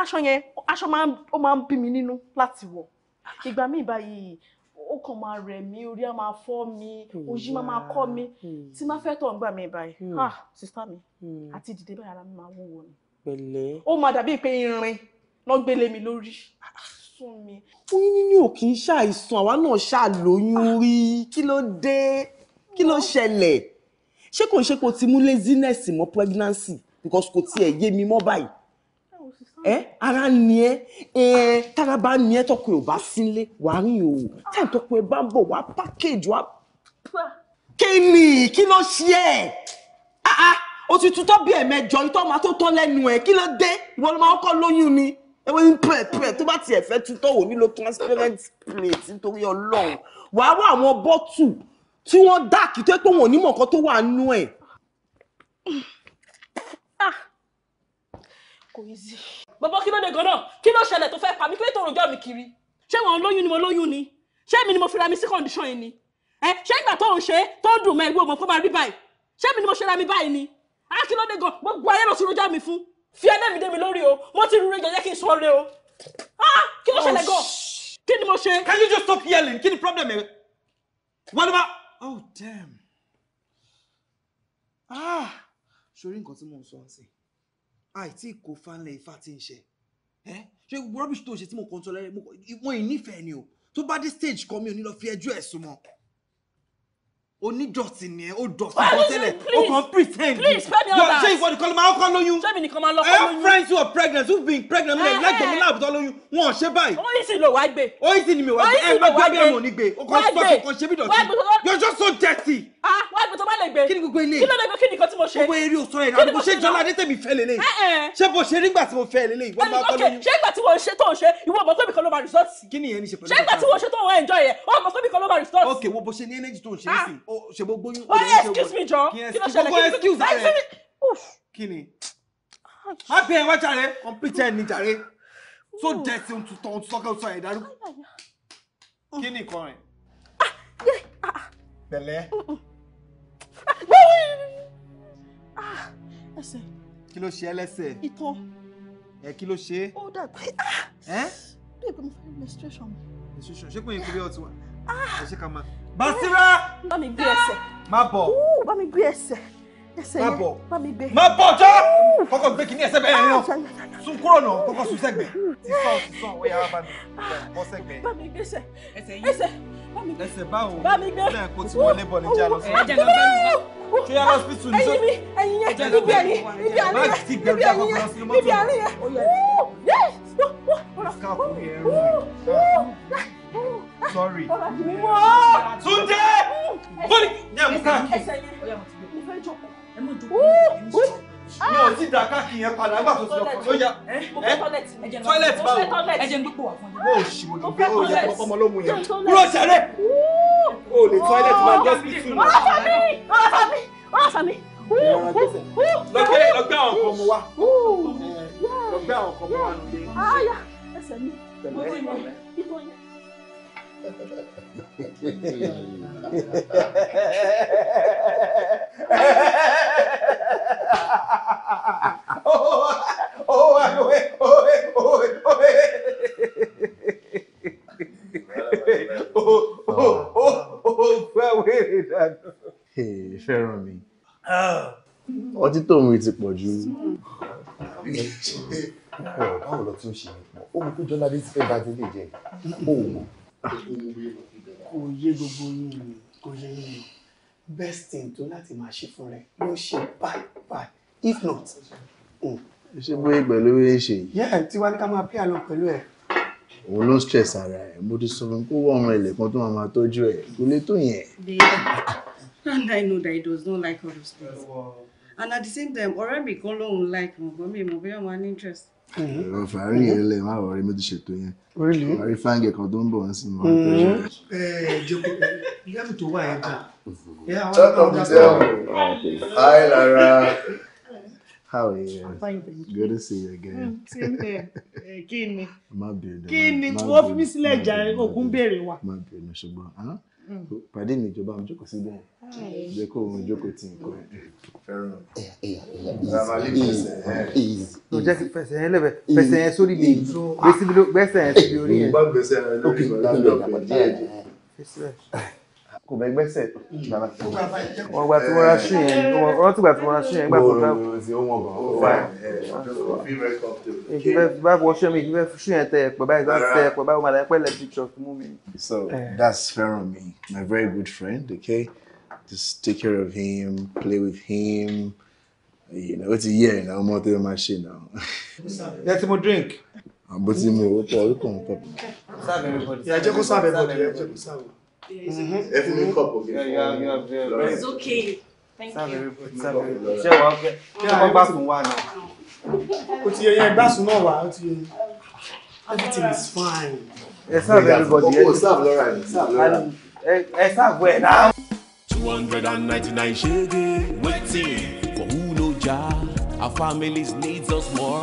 aṣọ yẹn aṣọ ó máa ń bí mi nínú láti wọ̀ ìgbà míì báyìí ó kàn máa rẹ̀ mí orí á máa fọ́ mi òjì máa máa kọ́ mi tí má fẹ́ tọ̀ ń gbà mí báyìí hmm. ah sista mi hmm. àti dìde báyìí ara mi máa wúwo ni. pẹ̀lẹ́ ó máa dàbí pé irin ló gbélé mi lórí ah, sún mi. oyún yín ò kì í ṣàìsàn àwa náà ṣàlóyún ah. rí kí ló dé kí ló ṣẹlẹ̀ ṣé kò ṣe kò ti mú laziness mọ́ pregnancy because kò tiẹ̀ yé mi mọ́ báyìí ẹ ara ni ẹ ẹ tára bá ni ẹ tọkọ ẹ ò bá sílé wàá rìn o táì tọkọ ẹ bá ń bọ̀ wàá package wàá. kí ni kí ló ṣe ẹ ah, ah, o ti tutọ́ bí ẹ̀mẹjọ itọ́ máa tó tọ́ lẹ́nu ẹ̀ kí ló dé ìwọ ló máa kọ́ lóyún ni ewé ń pẹ̀ pẹ̀ tó bá tiẹ̀ fẹ́ tutọ́ ò nílò transparent plate nítorí ọlọ́run wàá wá àwọn bọ́tù tí wọ́n dá kìtẹ́ pé wọn ní mọ̀ tó wà nú ẹ̀. Ah. bàbá kí ló dé gan kí ló ṣẹlẹ̀ tó fẹ́ pa mí kí ló tó rojọ́ mi kiri ṣé wọn lóyún ni mo lóyún ni ṣé èmi ni mo fira mi sí condition yìí ni ẹ ṣé ìgbà tó ń ṣe tó ń dùn mọ́ ẹgbẹ́ òmò kó máa rí báyìí ṣé èmi ni mo ṣera mi báyìí ni á ah, kí ló dé gan gbogbo ayé lọ sí rojọ́ mi fún fi ẹlẹ́mìí dé mi lórí o mo ti rúre jọ jẹ́ kí n sọ ọ́ ah, kí ló ṣẹlẹ̀ gan oh, kí ni mo ṣe. can you just stop yelling kí ni problem ẹ wọn ni wọn oh damn ah sórí nǹkan tí mò ń sọ ọ́n sìn àìtí kò fanlẹ̀ ifá tí ń ṣe ẹ́ eh? ṣé rubbish tó ń ṣe tí mo kàn ń tọ́lẹ́rẹ́ mo ìnífẹ̀ẹ́ ni o tó bá dé stage kan mi ò ní lọ fi ẹjọ́ ẹ̀ sùn onídọ̀tí ni ẹ ó dọ̀tí kan tẹ́lẹ̀ ó kàn pretend ṣé ìwọ nìkan ló máa ń kọ́ lóyún ṣé èmi nìkan máa ń lọ́kọ́ lóyún. I have friends who are pregnant who been pregnant mílẹ̀ lẹ́gbẹ̀ẹ́ mi eh, láàbùtọ́ eh, eh. lóyún wọn ò ṣe báyìí. oyin ló wá gbé. oyin sì ni mi wá gbé ẹ má gbé bí ẹ mọ̀ ní gbé o kàn sọ́ọ̀tì kan ṣe bí dọ̀tí you're just so dirty ah wọ́n àgbẹ̀ tó bá lè gbé kí ni gbogbo ilé kí ló dé gbé kí nìkan tí mo ṣe gbogbo eré òsọ yẹn àdúgbò ṣé jọlá adé tèmi fẹ́ lélẹ̀ eh, eh. ṣé bó ṣe nígbà tí mo fẹ́ lélẹ̀ ìwọ máa kọ́ lóyún. ṣé ìgbà tí wọ́n ṣe tó ń ṣe ìwọ ọmọ pé mi kan ló máa resort. kí ni ìyẹn ní ṣe pẹ̀lú ìgbà ṣé ìgbà tí wọ́n ṣe tó ń enjoy yẹn ó ọmọ pé mi kan ló máa resort. ok wo bó ṣe ní energy tó ń ṣe é ah. sí ṣe gbogbo yín. ó excuse me jọ kí ló ṣẹlẹ̀ kí ni. má bẹ ẹ wá jàre compete ni jàre tó jẹ sí ohun tuntun ohun tuntun kẹ́ sọ ẹ̀dá rú Ah, ẹsẹ̀. kí ló ṣe ẹ́ lẹ́sẹ̀. ìtọ̀. ẹ kí ló ṣe. ó dà pé ẹ. bí èpè mo fẹ́ menstruation. menstruation ṣé pé èyí kúrẹ́ ọtí wa. Ah! ẹ ṣe ká máa. Basira. bá mi gbé ẹsẹ̀. má bọ̀. bá mi gbé ẹsẹ̀. ẹsẹ̀ yẹn bá mi gbé. má bọ̀ jọ́. kọ́kọ́ gbé kínní ẹsẹ̀ bẹ́ẹ̀ yẹn náà. Ah, sún kúrò náà kọ́kọ́ sún sẹ́gbẹ̀ẹ́. sísọ sísọ ó yára bá mi bọ́ sẹ́gbẹ̀ẹ́. bá mi gbé ẹsẹ̀. ẹsẹ̀ yìí ẹsẹ̀ báwo bẹ́ẹ̀ kò tí wọlé bọ̀ níjà lọ sí ṣé yàrá hospital ní yẹn ibi ẹyin ibi àárín yẹn ibi ẹyin yẹn ibi àárín yẹn. sorry. Túndé bọ́lí. ẹ mú káàkiri. ẹ mú jókòó mi ò tí dàka kì í yẹn padà nígbà tó ti lọ fún ọyà eh? eh? ẹ tọ́lẹ̀tì báwo ẹ̀jẹ̀ ń gbígbó wà fún yín. mo ṣì wò ló gbé òòyà ọmọ ló mu yẹn kúrò sẹ́rẹ̀ o lè tọ́lẹ̀tì máa dé sí tù. ọ̀rọ̀ eh, sami ọ̀rọ̀ sami ọ̀rọ̀ sami. lọ́gbẹ́ lọ́gbẹ́ àwọn kan mu wa lọ́gbẹ́ àwọn kan mu wa nulẹ̀. aya ẹsẹ̀ mi mo ti mọ ìtọ́ yẹn. Hehehehe fẹ́ràn mi ọtí tó mi ti pọ̀ jù. báwo lọ tí ó ṣe pọ̀ ó mú kí jọ́ládé ti fẹ́ bá ti lè jẹ́ ó mọ̀. kò yé gbogbo yín ni kò yé yín ni best thing tó láti máa ṣe fún rẹ ló ṣe bye bye if not. Mm. ṣé bóyá pẹ̀lú ẹ ṣe yìí. yẹ́ ẹ̀ tí wàá ní ká máa pay along pẹ̀lú ẹ̀. òun ló stress ara ẹ̀ mo ti sọ fún kó wọ́n ọmọ ilẹ̀ kan tó máa máa tọ́jú ẹ̀ kó lè tó yẹn. and I know that he does not like all those things and at the same time ọ̀rẹ́ mi kan lòun like wọn but mi ò mọ̀ bóyá interest ọ̀fàárí yẹn lẹ̀ máa wọ̀ọ́rí mo ti ṣètò yẹn ọ̀rí fáńgẹ̀ kan tó ń bọ̀ wọ́n sì mọ̀ ọ́n mm-hmm. tó ṣe. ẹ ẹ jẹ́kọ̀ tó wà yẹn kan. Hi Lara. How are you? Mm, Kí ni? Kí ni? Wọ́n fi mí sílẹ̀ jà ogún bèrè wa pàdé mi ìjọba mi jókòó sí bẹ́ẹ̀ jẹ́ kó òun jókòó ti nǹkan ẹ̀. fẹ́ràn ló jẹ́ kí fẹsẹ̀ yẹn lẹ́bẹ̀ fẹsẹ̀ yẹn sórí mi gbẹ́sẹ̀ yẹn sí orí yẹn kò bẹ gbẹ́sẹ̀ wọ́n gba tí wọ́n ra ṣú yẹn wọ́n tìgbà tí wọ́n ra yẹn gbà fún táwọn. bá wọ́n ṣe mi kí fẹ́ yẹn tẹ ẹ̀pẹ́ báyìí láti tẹ ẹ̀pẹ́ báyìí màdà ẹ̀pẹ́ lẹ́ẹ̀ picture fún mi. So that's Feranmi, my very good friend, okay? Just take care of him, play with him. You know, it's a year now, ọmọ tó máa ṣe now. Yẹ́tí mo drink àbótí mi ò pọ̀ orí kàn pọ̀. ìyá jẹ́ kó sábẹ̀ bọ̀dì ẹ̀ jẹ́ kó sábẹ̀. Mm-hmm. ẹ fún mi kọ̀pù kí n fọ́ it's okay thank you. ṣé wàá fẹ́ ṣé wàá It's okay. náà. o ti yẹ yẹn gbàsùn náà wà o ti yẹ everything is um, fine. It's sáàbù everybody ẹ oh, sáàbù lọ́ra ẹ sáàbù It's náà. two hundred and ninety-nine ṣéde wetin for who no ja. Our families needs us more.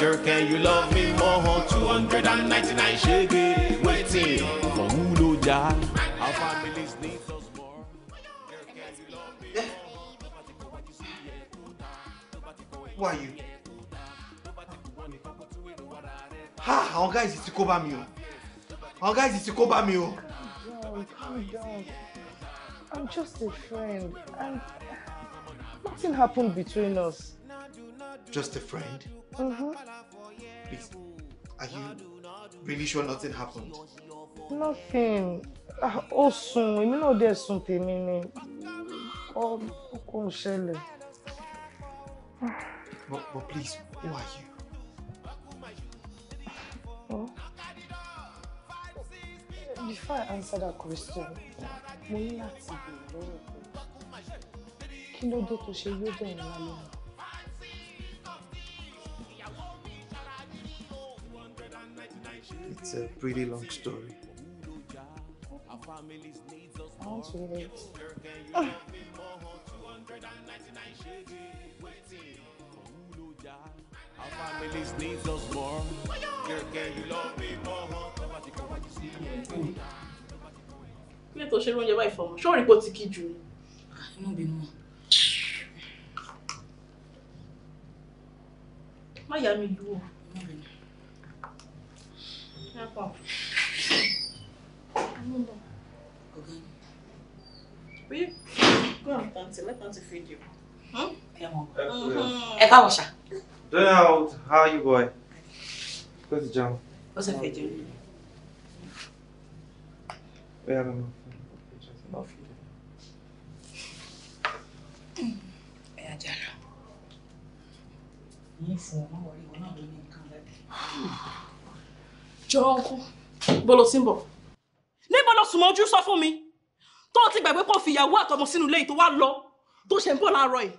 Girl, can you love me more? 299 shege, waiting. Jah. Who are you? Ha! Our guys is to bá mi o. Àwọn guys is to bá mi o. calm down. I'm just a friend and nothing happened between us. Just a friend? Mm-hmm. Please, are you really sure nothing happened? nothing Oh, ah, soon. èmi náà dẹ̀ sùn tèmi Oh, ọkọ̀ ń ṣẹlẹ̀. but but please who are you. Oh. Before I answer that question, mo ní láti béèrè lọ́wọ́ pé kí ló It's a pretty long story. I'll do it. Oh. Our ah. families needs us more. Girl, can you love me more? Nobody can watch you see me. Ilé tó ṣe ló ń yẹ báyìí fọmọ, ṣọ́ọ̀rì pò ti kí jù ni. Ah, inú bínú. Má yà mí lú o. Inú bínú. Ẹ pọ̀. Inú bínú. Will you go and count it? Let auntie feed you. Hmm? Come yeah, on. how are you, boy? Go to jam. What's up, Fejo? Wait, I'm not. Love you. Yeah, Jana. You for no worry, we're not doing anything like that. Bolo Simbo. Níbo lo sùn mọ́jú sọ fún mi tó ti gbàgbé kó fìyàwó àtọmọ sínú ilé yìí tó wá lọ tó ṣe ń bọ̀ láàárọ̀ yìí.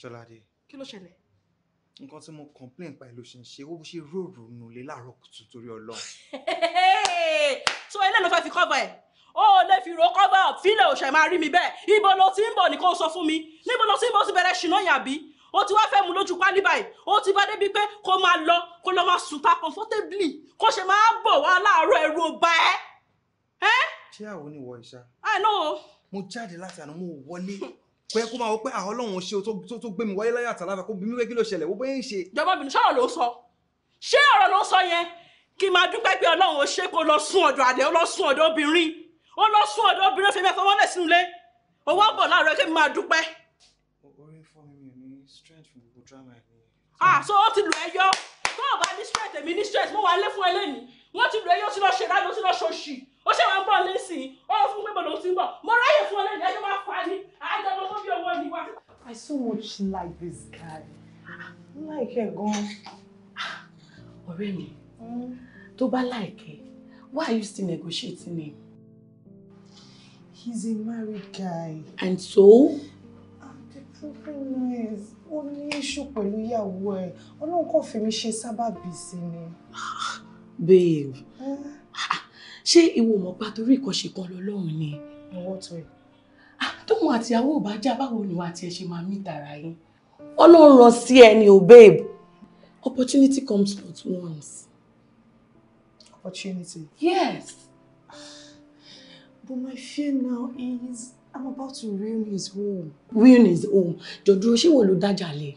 jọládé kí ló ṣẹlẹ̀. nǹkan tí mo complain pa ẹ ló ṣe ń ṣe ó ṣe róòrò nulẹ̀ láàárọ̀ kùtù torí ọlọ́run. so ilé ló fẹ́ fi cover ẹ̀ ó lè fi ro cover up fílẹ̀ òṣè máa rí mi bẹ́ẹ̀ ibo ló ti ń bọ̀ ní kó sọ fún mi níbo ló ti ń bọ̀ sí bẹ̀rẹ̀ ṣìnà yàbí ó ti wá fẹ́ mu lójú pálí báyìí ó ti bá débi pé kó máa lọ kó lọ máa sùn ta comfortably kó ṣe máa bọ̀ wá láàárọ̀ ẹ̀rù ọba ẹ̀ ẹ́ ṣé àwọn oníwọ̀ ìṣá. àìná o. mo jáde láti àná mo wọlé pé kó máa wọ pé àwọn ah, ọlọ́run ṣe tó gbé mi wáyé láyé àtàláfẹ́ kó bí mi pé kí ló ṣẹlẹ̀ wọ́n bóyá ń ṣe. ìjọba bìnú sọ̀rọ̀ ló sọ ṣé ọ̀rọ̀ ló sọ yẹn kí n máa dúpẹ́ pé ọlọ́run ó ṣe kó lọ sún ọ̀dọ̀ àdé ó lọ sún ọ̀dọ̀ obìnrin ó lọ sún ọ̀dọ̀ obìnrin fèmí ẹ̀fọ́ wọlé sínú ilé owó ọ̀bọ̀ láàárọ̀ kí n máa dúpẹ́. orí fún mi ní strength fún gbogbo drama ẹ̀ ni. ah so ó ti lù ẹ yọ tó o bá ní strength èmi ní strength mo wà lé fún ẹ lẹ́nu wọ́n ti lù ẹ yọ sí lọ ṣe ìdájọ́ sí lọ ṣoṣì ó ṣe wá ń bọ̀ lẹ́sìn ó fún pé bọ̀dọ̀ ti ń bọ̀ mo ráyè fún ọlẹ́ni ẹjọ́ máa fa ni àjọ ọmọ tó bí owó ni wá. I so much like this guy láìkẹ́ gan-an. ọ̀rẹ́ mi mm. tó bá láìkẹ́ why are you still negotiating him. he's a married guy. and so. Nice. ó ní iṣu pẹ̀lú ìyàwó ẹ̀ ọlọ́run kò fi mi ṣe sábàbí sí ni. babe. Uh, ṣé ìwọ mọ̀ pa torí ìkọ̀ṣe kan lọ́lọ́run ni. ìwọ tó yẹ. Ah, tóun àti àwọn ò bá já báwo ni wàá tiẹ̀ ṣe máa mí tara yín. ọlọ́run rán sí ẹ ni o babe. opportunity comes but once. opportunity. yes. but my fear now is i'm about to ruin his home. ruin his home jọ̀dúró ṣé wo ló dájà lé.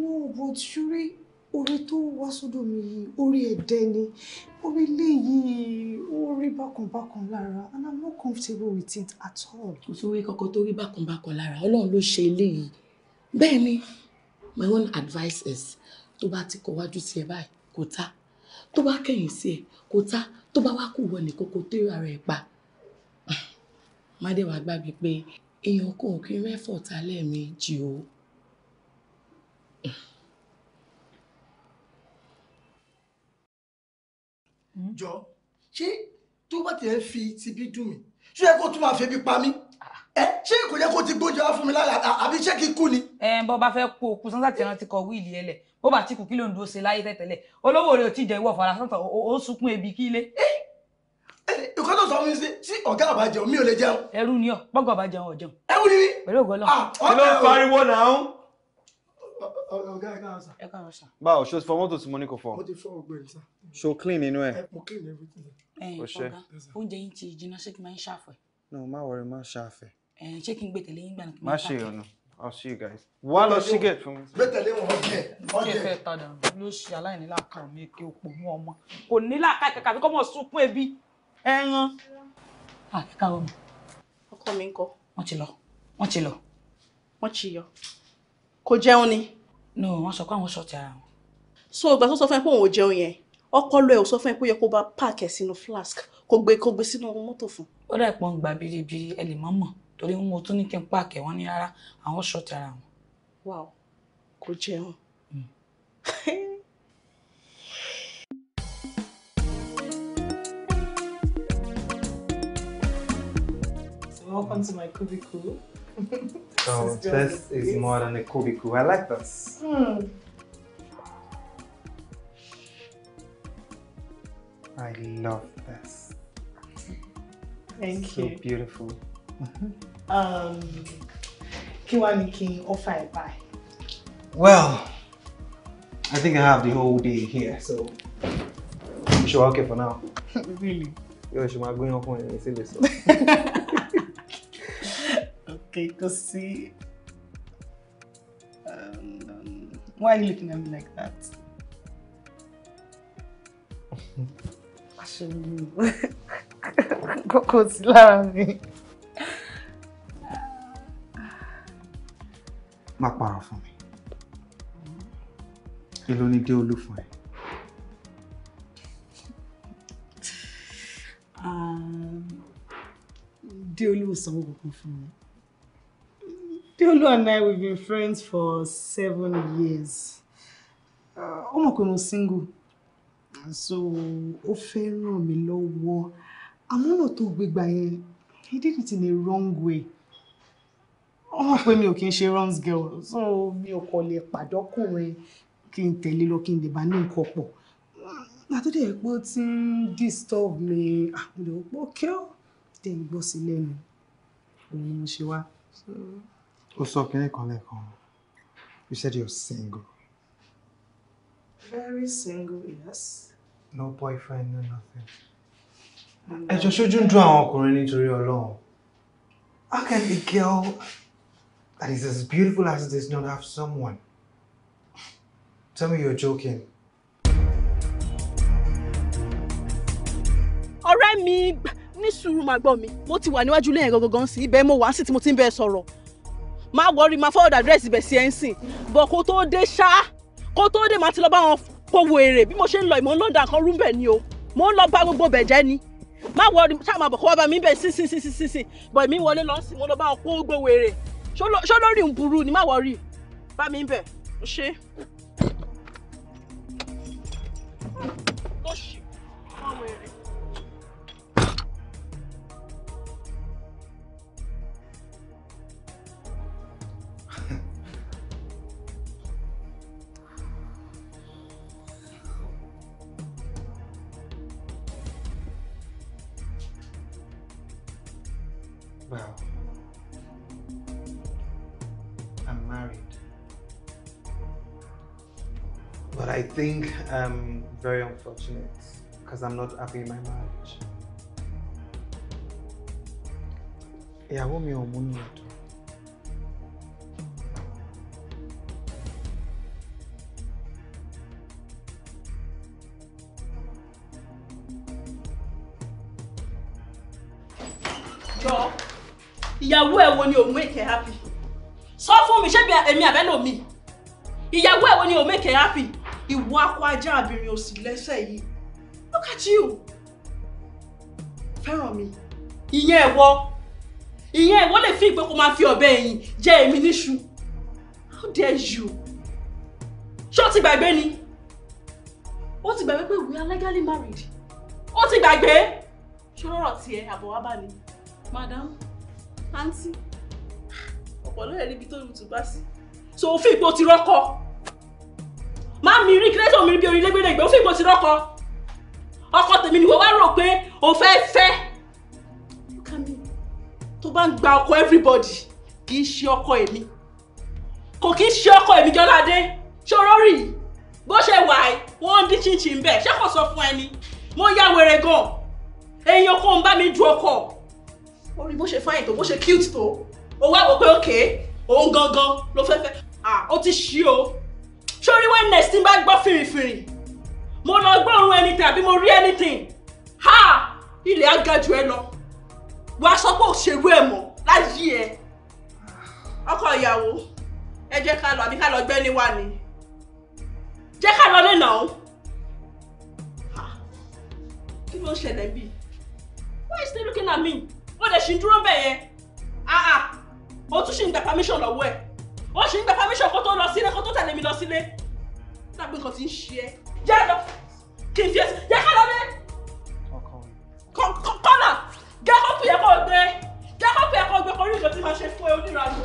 no but Surely orí tó wá sódò mi yìí orí ẹ̀dẹ́ ni orí léyìí ó rí bákanbákan lára and i'm not comfortable with it at all. kò sí orí kankan tó rí bákanbákan lára ọlọ́run ló ṣe eléyìí bẹ́ẹ̀ ni my own advice is tó bá ti kọ wájú sí ẹ báyìí kò ta tó bá kẹ̀yìn sí ẹ kò ta tó bá wá kù wọ nìkan kò tẹ́ ara ẹ̀ pa mádéwà gbàgbé pé èèyàn kò kí ń rẹ́fọ̀ta lẹ́ẹ̀mejì o. Hmm? jọ ṣé tó bá tẹ̀ fi tibí dùn mí ṣé ẹ kó tún máa febi pa mí ah. ẹ ṣé kò yẹ kó ti gbójú wá fún mi lára àbí ṣé kí kú ni. ẹ bọ́ bá fẹ́ kú òkú sánsá ti rántí kọ wíìlì ẹ lẹ̀ bó bá ti kù kí ló ń dúró ṣe láyé tẹ́tẹ́lẹ̀ olówó rẹ̀ ò tí ì jẹ́ ìwọ̀ fara sọ́tọ̀ ó sunkún ebi kí ilé. Eh, eh, nǹkan tó sọ fún mi sí sí ọ̀gá àbá jẹun mi ò lè jẹun. ẹrú ni ọ gbọ́ngàn àbá jẹun ọ̀jẹun. ẹrú ni mi. pẹ̀lú ògbọ́n ah, náà. ọ̀gá ẹ̀ ọ̀gá ẹ̀ káàsà. ẹ káàrọ̀ sà. báwo ṣo fọ mọ́tò tí mo ní kò fọ. mo ti fọ ọgbẹ́ yìí clean nínú ẹ. clean everything. ẹ ọ̀gá oúnjẹ yín ti jìnnà ṣé kí n máa ń ṣàfẹ́. no má wọrí má ṣàfẹ́. ṣé kí n gbé tẹ̀lé yín gbà náà. má ṣe I'll see you guys. Wá lọ sí gate fún mi. Gbẹ́tẹ̀lé wọn ọjẹ́. Ọjẹ́ fẹ́ padà ló ṣe aláìní láàkà mi kí o pò mú ọmọ. Kò ní láàkà kàkà bí kò mọ̀ sunkún ebi. Ẹran. Àkíkà ọmọ. Ọkọ mi ń kọ. Wọ́n ti lọ. Wọ́n ti lọ. Wọ́n ti yọ. Kò jẹun ni no wọ́n sọ pé àwọn ṣọ́ọ̀tì ara wọn. so ìgbà tó sọ fún ẹ pé òun ò jẹun yẹn ọpọlọ ẹ ò sọ fún ẹ pé ó yẹ kó bá páàkì ẹ sínú flask kó gbé kó gbé sínú mọ́tò fún. ó dà pọ̀ ń gba biribiri ẹ lè mọ́ mọ̀ torí mo tún ní kí n páàkì wọn ní rárá àwọn ṣọ́ọ̀tì ara wọn. wow kò jẹun. Mm. welcome to my cubicle. So this is more than a cubicle. I like this. Hmm. I love this. Thank so you. So beautiful. um, Kiwani King offer a buy. Well, I think I have the whole day here, so I'm sure okay for now. really? Yo, she might go on and say this. Rico see, Um, um, why are you looking at me like that? Kókó sí lára mi. Má parọ́ fún mi. Kí ló ní Déolú fún ẹ? Um, Déolú ò sanwó kankan fún mi. Tolu and I, we've been friends for seven years. Uh, single. So, ó fẹ́ràn mi lọ́wọ́. Àmọ́ ọ̀nà tó gbégbà yẹn, he did it in a wrong way. Ọmọ pé mi ò runs girl. So, mi ò kọ̀ lè pàdọ́kùnrin kí n tẹ̀lé n ti disturb me àwọn ò pọ̀ kí ó. lenu. ń O sọ kìíní kan lẹ́ẹ̀kan. You said you're single. Very single, yes. No boyfriend, no nothing. Ẹjọ́ ṣojú ń dún àwọn ọkùnrin nítorí Ọlọ́run. How can a girl that is as beautiful as this not have someone? Tell me you're joking. Ọ̀rẹ́ mi ní sùúrù màgbọ́ mi, mo ti wà níwájú lẹ́yìn gangan sí ibẹ̀ mo wá sí tí mo ti ń bẹ sọ̀rọ̀ má wọrí má fọwọ́d àdírẹ́sì bẹ̀ sí ẹ̀ ń sìn bọ̀ kó tó dé ṣá kó tó dé má ti lọ bá wọn kówó èrè bí mo ṣe ń lọ ìmọ̀ lọ́dà kan rú bẹ̀ ni o mo ń lọ bá gbogbo bẹ̀ jẹ́ ni má wọrí ṣá máa bọ̀ kó wá bá mi bẹ̀ sí sí sí sí sí bọ̀ èmi wọlé lọ sí mo lọ bá wọn kó gbowó èrè ṣó lórí ń burú ni má wọrí bá mi bẹ̀ ṣe. um, very unfortunate because I'm not happy in my marriage. Ìyàwó mi ò múnú ẹ̀dùn. jọ ìyàwó ẹ wo ni ò make happy sọ fún mi ṣé èmi àbẹ́lò mi ìyàwó ẹ wo ni ò make happy ìwọ akọ abìnrin òsì lẹ́sẹ̀ yìí look at you fẹ́ràn mi ìyẹn ẹ̀wọ ìyẹn ẹ̀wọ lè fi ìpè kó máa fi ọ̀bẹ ẹ̀yìn jẹ èmi níṣu how dare you ṣé o ti gbàgbé ni o ti gbàgbé pé we are legally married o ti gbàgbé ṣé ọlọ́rọ̀ tiẹ̀ àbọ̀ wá bá ní madam aunty ọ̀pọ̀ lóye níbi tó lù tù bá sí so òfin ìpò ti rọ́kọ̀ má mi rí kílẹ̀ tó mi rí bí orin lẹ́gbẹ̀lẹ́gbẹ̀ ó fi ìbò ti ọkọ tèmi ni wọ́n wá rò pé òun fẹ́ fẹ́ tó bá ń gba ọkọ everybody kì í ṣe ọkọ èmi kò kì í ṣe ọkọ èmi jọládé ṣòro rì bó ṣe wà á wọ́n ń dín chinchin ń bẹ̀ ṣé kò sọ fún ẹni mo yá wèrè gan ẹ̀yin ọkọ ń bá mi ju ọkọ orí bó ṣe fáyìn tó bó ṣe cute tó òun wá wò pé òkè òun gangan ló fẹ́ fẹ́ ó ti ṣí o sórí wellness tí back, bá gbọ́ fìrìfìrì mo lọ gbóòórùn anything àbí mo rí anything ha ilẹ̀ á ga jù ẹ lọ wàá sọ pé òṣèlú ẹ̀ mọ̀ láyé ẹ ọkọ ìyàwó ẹ jẹ́ ká lọ àbí ká lọ gbẹ́ni wá ni jẹ́ ká lọ lẹ́nà o kí ló ń ṣẹlẹ̀ bí why is he looking at me What is ṣì doing dúró bẹ́ẹ̀ ah ah o tún ṣì ń gba permission lọ́wọ́ ẹ̀ ó ṣì ń gba permission kó tó lọ sílé kó tó tẹ̀lé mi lọ sílé lágbé nǹkan tí ń ṣe é jẹ́ lọ kí n fi ẹsẹ̀ jẹ́ ká lọ dé kọ́nà jẹ́ kó pè é kó gbé kó pè é kó gbé rí nǹkan tí máa ṣe fún ẹ onírànú.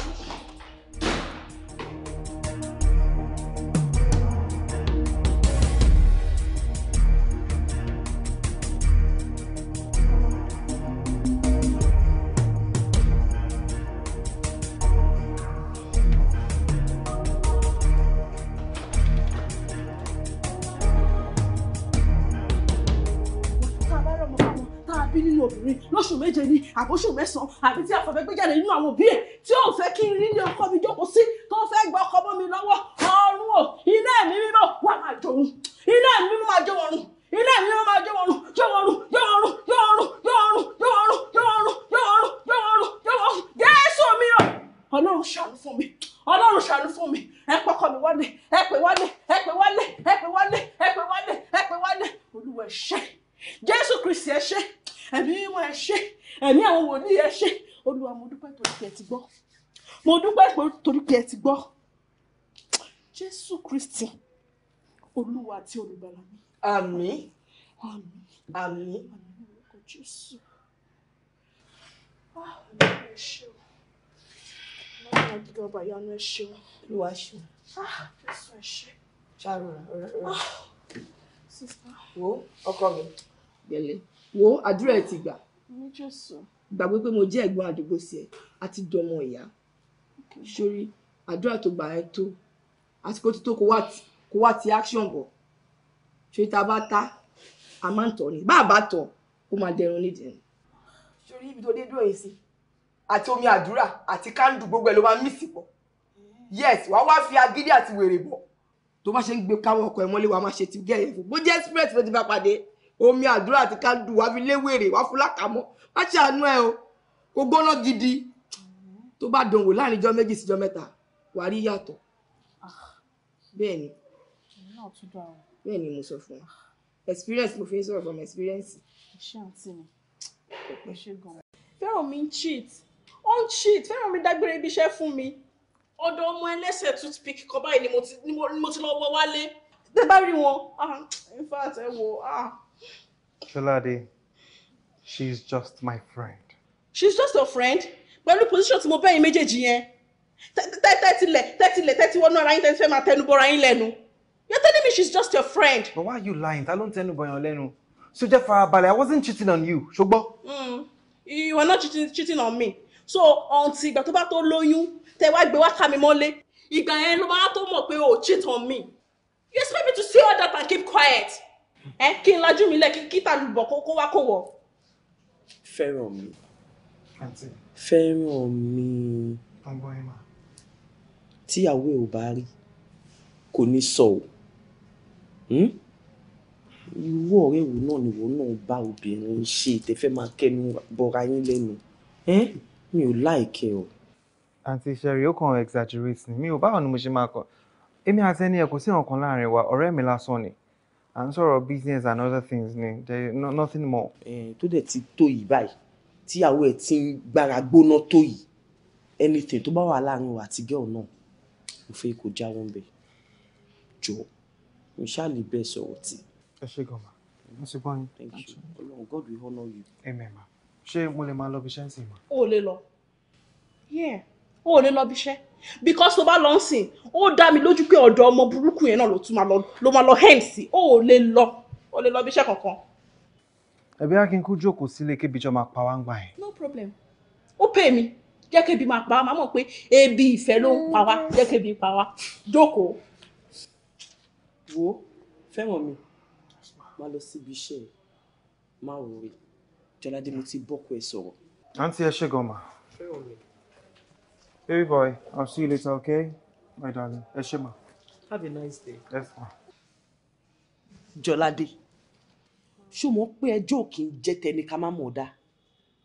ọ̀sẹ̀ ni àbóṣù mẹ́sàn-án àbí tí àfàfẹ́ gbé jáde nínú àwọn òbí ẹ̀ tí ó fẹ́ kí n rí ní ọkọ mi jókòó sí tó fẹ́ gba ọkọ mọ́ mi lọ́wọ́ ọ̀run o iná ẹ̀mí mímọ́ wà máa jó òun iná ẹ̀mí mímọ́ máa jó ọ̀run iná ẹ̀mí mímọ́ máa jó ọ̀run jó ọ̀run jó ọ̀run jó ọ̀run jó ọ̀run Jésù mi o Ọlọ́run ṣàánú fún mi Ọlọ́run ṣàánú fún mi ẹ pọkọ mi wálé ẹ pè wálé ẹ pè wálé ẹ pè wálé ẹ pè wálé ẹ pè wálé Olúwa ẹ ṣé Jésù Kristi ẹ ṣé ẹ̀mí wọn ẹ ṣé ẹ̀mí àwọn wòlíì ẹ ṣé olúwa mo dúpẹ́ torí pé ẹ ti gbọ́ mo dúpẹ́ torí pé ẹ ti gbọ́ jésù kristi olúwa àti olùgbàlà mi. àmín àmín àmín àmín orúkọ jésù. Ah, olúwa ṣe. Ṣàrò rẹ̀ rẹ̀ rẹ̀. Wo ọkọ mi. Gbẹ̀lẹ̀ wo àdúrà ẹ ti gbà gbàgbé pé mo jẹ́ ẹ̀gbọ́n àdúgbò sí ẹ àti dọmọ ìyá sórí àdúrà tó gbà ẹ tó àsìkò tó tó kó wá ti action bọ̀ sórí tá a bá ta a máa ń tọ̀ ni bá a bá tọ̀ ó máa dẹrun nídìí. sórí ibi tó dé dúró yìí sí àti omi àdúrà àti kándù gbogbo ẹ ló máa ń mí sí pọ̀ yes wàá wá fi agídí àti wèrè bọ̀ tó bá ṣe ń gbé káwọn ọkọ ẹ mọ́lé wàá máa ṣe ti gẹ̀yẹ̀ fún bó jẹ́ spirit ló ti bá pàdé omi àdúrà àti kándù wá fi léwèrè wá fún lákàmọ́ má ṣe àánú ẹ o kò gbóná gidi tó bá dòwò láàrin ijọ́ méjì síjọ́ mẹ́ta wàá rí yàtọ̀ bẹ́ẹ̀ ni bẹ́ẹ̀ ni mo sọ fún ọ experience mo fi ń sọ̀rọ̀ from experience. ṣé àǹtí mi kò ṣe gan-an. fẹ́ràn mi ń cheat ó ń cheat fẹ́ràn mi dágbére ibi iṣẹ́ fún mi ọ̀dọ̀ ọmọ ẹlẹ́sẹ̀ toothpick kan báyìí ni mo ti lọ wọ wálé. tẹ bá rí wọn ah, in fact ẹ wo ah Chiladi, she's just my friend. She's just your friend? Pẹ̀lú position tí mo bẹ́yìn méjèèjì yẹn. Tẹ́tílẹ̀ tẹ́tílẹ̀ tẹ́tí wọnú ara yín tẹ́tí fẹ́ máa tẹnu bọ́ra yín lẹ́nu. You're telling me she's just your friend. But why are you lying? Ta ló ń tẹnu bọ̀yàn lẹ́nu? So jẹ́ farabalẹ̀, I wasn't cheating on you, ṣùgbọ́n. Mm. You were not cheating, cheating on me. So until ìgbà tó bá tó lóyún, tẹ wá gbé wá ká mi mọ́lé. Ìgbà yẹn ló bá tó mọ̀ pé o cheat on me. You expect me to see all that and keep quiet? ẹ kí n lajú mi lẹ kí kí tàlù bọ kó wá kó wọ. fẹ́ràn mi fẹ́ràn mi tíyàwó ẹ ò bá rí kò ní sọ o hmm? irú ọ̀rẹ́ wo náà nìwọ náà bá obìnrin ṣe ìtẹ́fẹ́ máa kẹnu bọra yín lẹ́nu mi ò láìkẹ́ o. àǹtí sherry ó kàn exaggerate ni mi ò báwo ni mo ṣe máa kọ èmi àti ẹni ẹ sí ọ̀kan láàrin wa ọ̀rẹ́ mi lásán ni à ń sọ̀rọ̀ business and other things ni there no, nothing more. Eh, tó dẹ̀ ti tó yìí báyìí tíyàwó ẹ̀ ti ń gbára gbóná tó yìí anything tó bá wà láàrin wa àti girl náà mo fẹ́ kó jáwọ́ ń bẹ̀ jọ mo ṣáà bẹ́ẹ̀ sọ̀rọ̀ tí. ẹ ṣe gan ma mo ti gbọ́n yín. thank you ọlọ́run god will honour you. ẹ mẹ́ẹ̀ma ṣé mo lè máa lọ bí ṣẹ́ǹsì ma. o ò lè lọ. yeah o ò lè lọ bí iṣẹ́ because tó bá lọ sìn ó dá mi lójú pé ọ̀dọ̀ ọmọ burúkú yẹn náà ló tún máa lọ ló máa lọ hẹ́m sí o ò lè lọ o lè lọ bí iṣẹ́ kankan. ẹbí akínkù jókòó sílé kébi jọ máa pa wá ń gbà yẹn. no problem ó pè mí jẹ́ kébi máa pa wá máa mọ̀ pé ebi ìfẹ́ ló ń pa wá jẹ́ kébi pa wá jókòó. wo fẹ́ràn mi máa lọ síbi iṣẹ́ yìí máa wò ó rí jọládé mo ti bọ́kọ ẹ sọ̀rọ̀. àǹtí ẹ ṣe gan ma. fẹ́ràn mi. Baby boy, I'll see you later, okay? My darling. Eshema. Have a nice day. Yes, ma. Jọládé. Ṣó mọ̀ pé ẹjọ́ òkè ń jẹ́ tẹni ká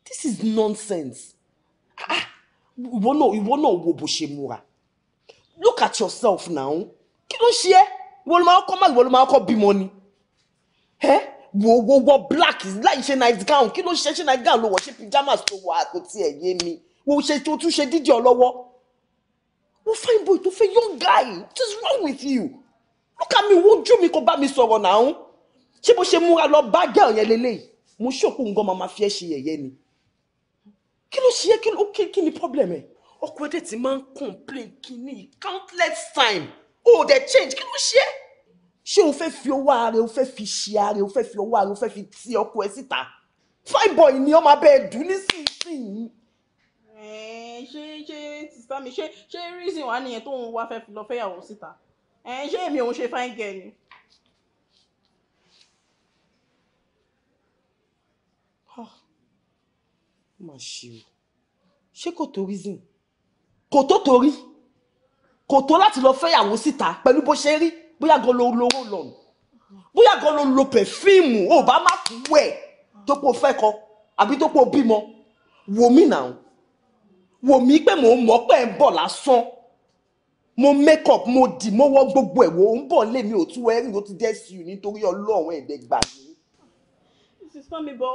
This is nonsense. Ah, you won't know you won't know ṣe múra. Look at yourself now. Kilo ló ṣe ẹ́? Ìwọ ló máa kọ́ máa ìwọ ló máa wo wo wo black láì ṣe nice gown kí ló ṣe nice gown ló wọ̀ ṣe pyjamas tó wọ àpótí ẹ̀yẹ mi wo ṣe tó tún ṣe dídì ọ lọ́wọ́ wo fine boy tó fẹ́ young guy what is wrong with you look at me wojú mi kó bá mi sọ̀rọ̀ náà ṣé bó ṣe múra lọ bá gẹ̀ ọ̀yẹ́ lélẹ́yìí mo ṣòkò nǹkan máa fi ẹ́ ṣe yẹ̀yẹ́ ni kí ló ṣe é kí ni problem ẹ̀ ọkọ ẹ̀dẹ̀ ti máa ń complain kínní countless time o ò dẹ̀ change kí ló ṣe é ṣé o fẹ́ fi owó ààrẹ o fẹ́ fi ṣe ààrẹ o fẹ́ fi owó ààrẹ o fẹ́ fi ti ọkọ ẹ síta fine boy ni ọmọ abẹ́ ẹ̀dùn nísinsìnyí ṣé ṣé ti bá mi ṣe ṣé reason wà nìyẹn tóun wá fẹ́ fi lọ fẹ́yàwó síta ṣé èmi òun ṣe fine girl ni. Ah. mà ṣe o ṣé kò tó reason kò tó torí kò tó láti lọ fẹ́yàwó síta pẹ̀lú bó ṣe rí bóyá gan ló lówó lọ́nà bóyá gan ló lo pẹ̀fíìmù ò bá má kú wẹ̀ tó pọ̀ fẹ́ kọ àbí tó pọ̀ bímọ wò mí náà wò mí pé mò ń mọ̀ pé ń bọ̀ lásán mo make up mo dì mo wọ gbogbo ẹ̀ wò ó ń bọ̀ lé mi ò tú ẹ̀rí o ti dẹ́ sí i nítorí ọlọ́run ẹ̀dẹ̀ gbà mí. sísọ mi bọ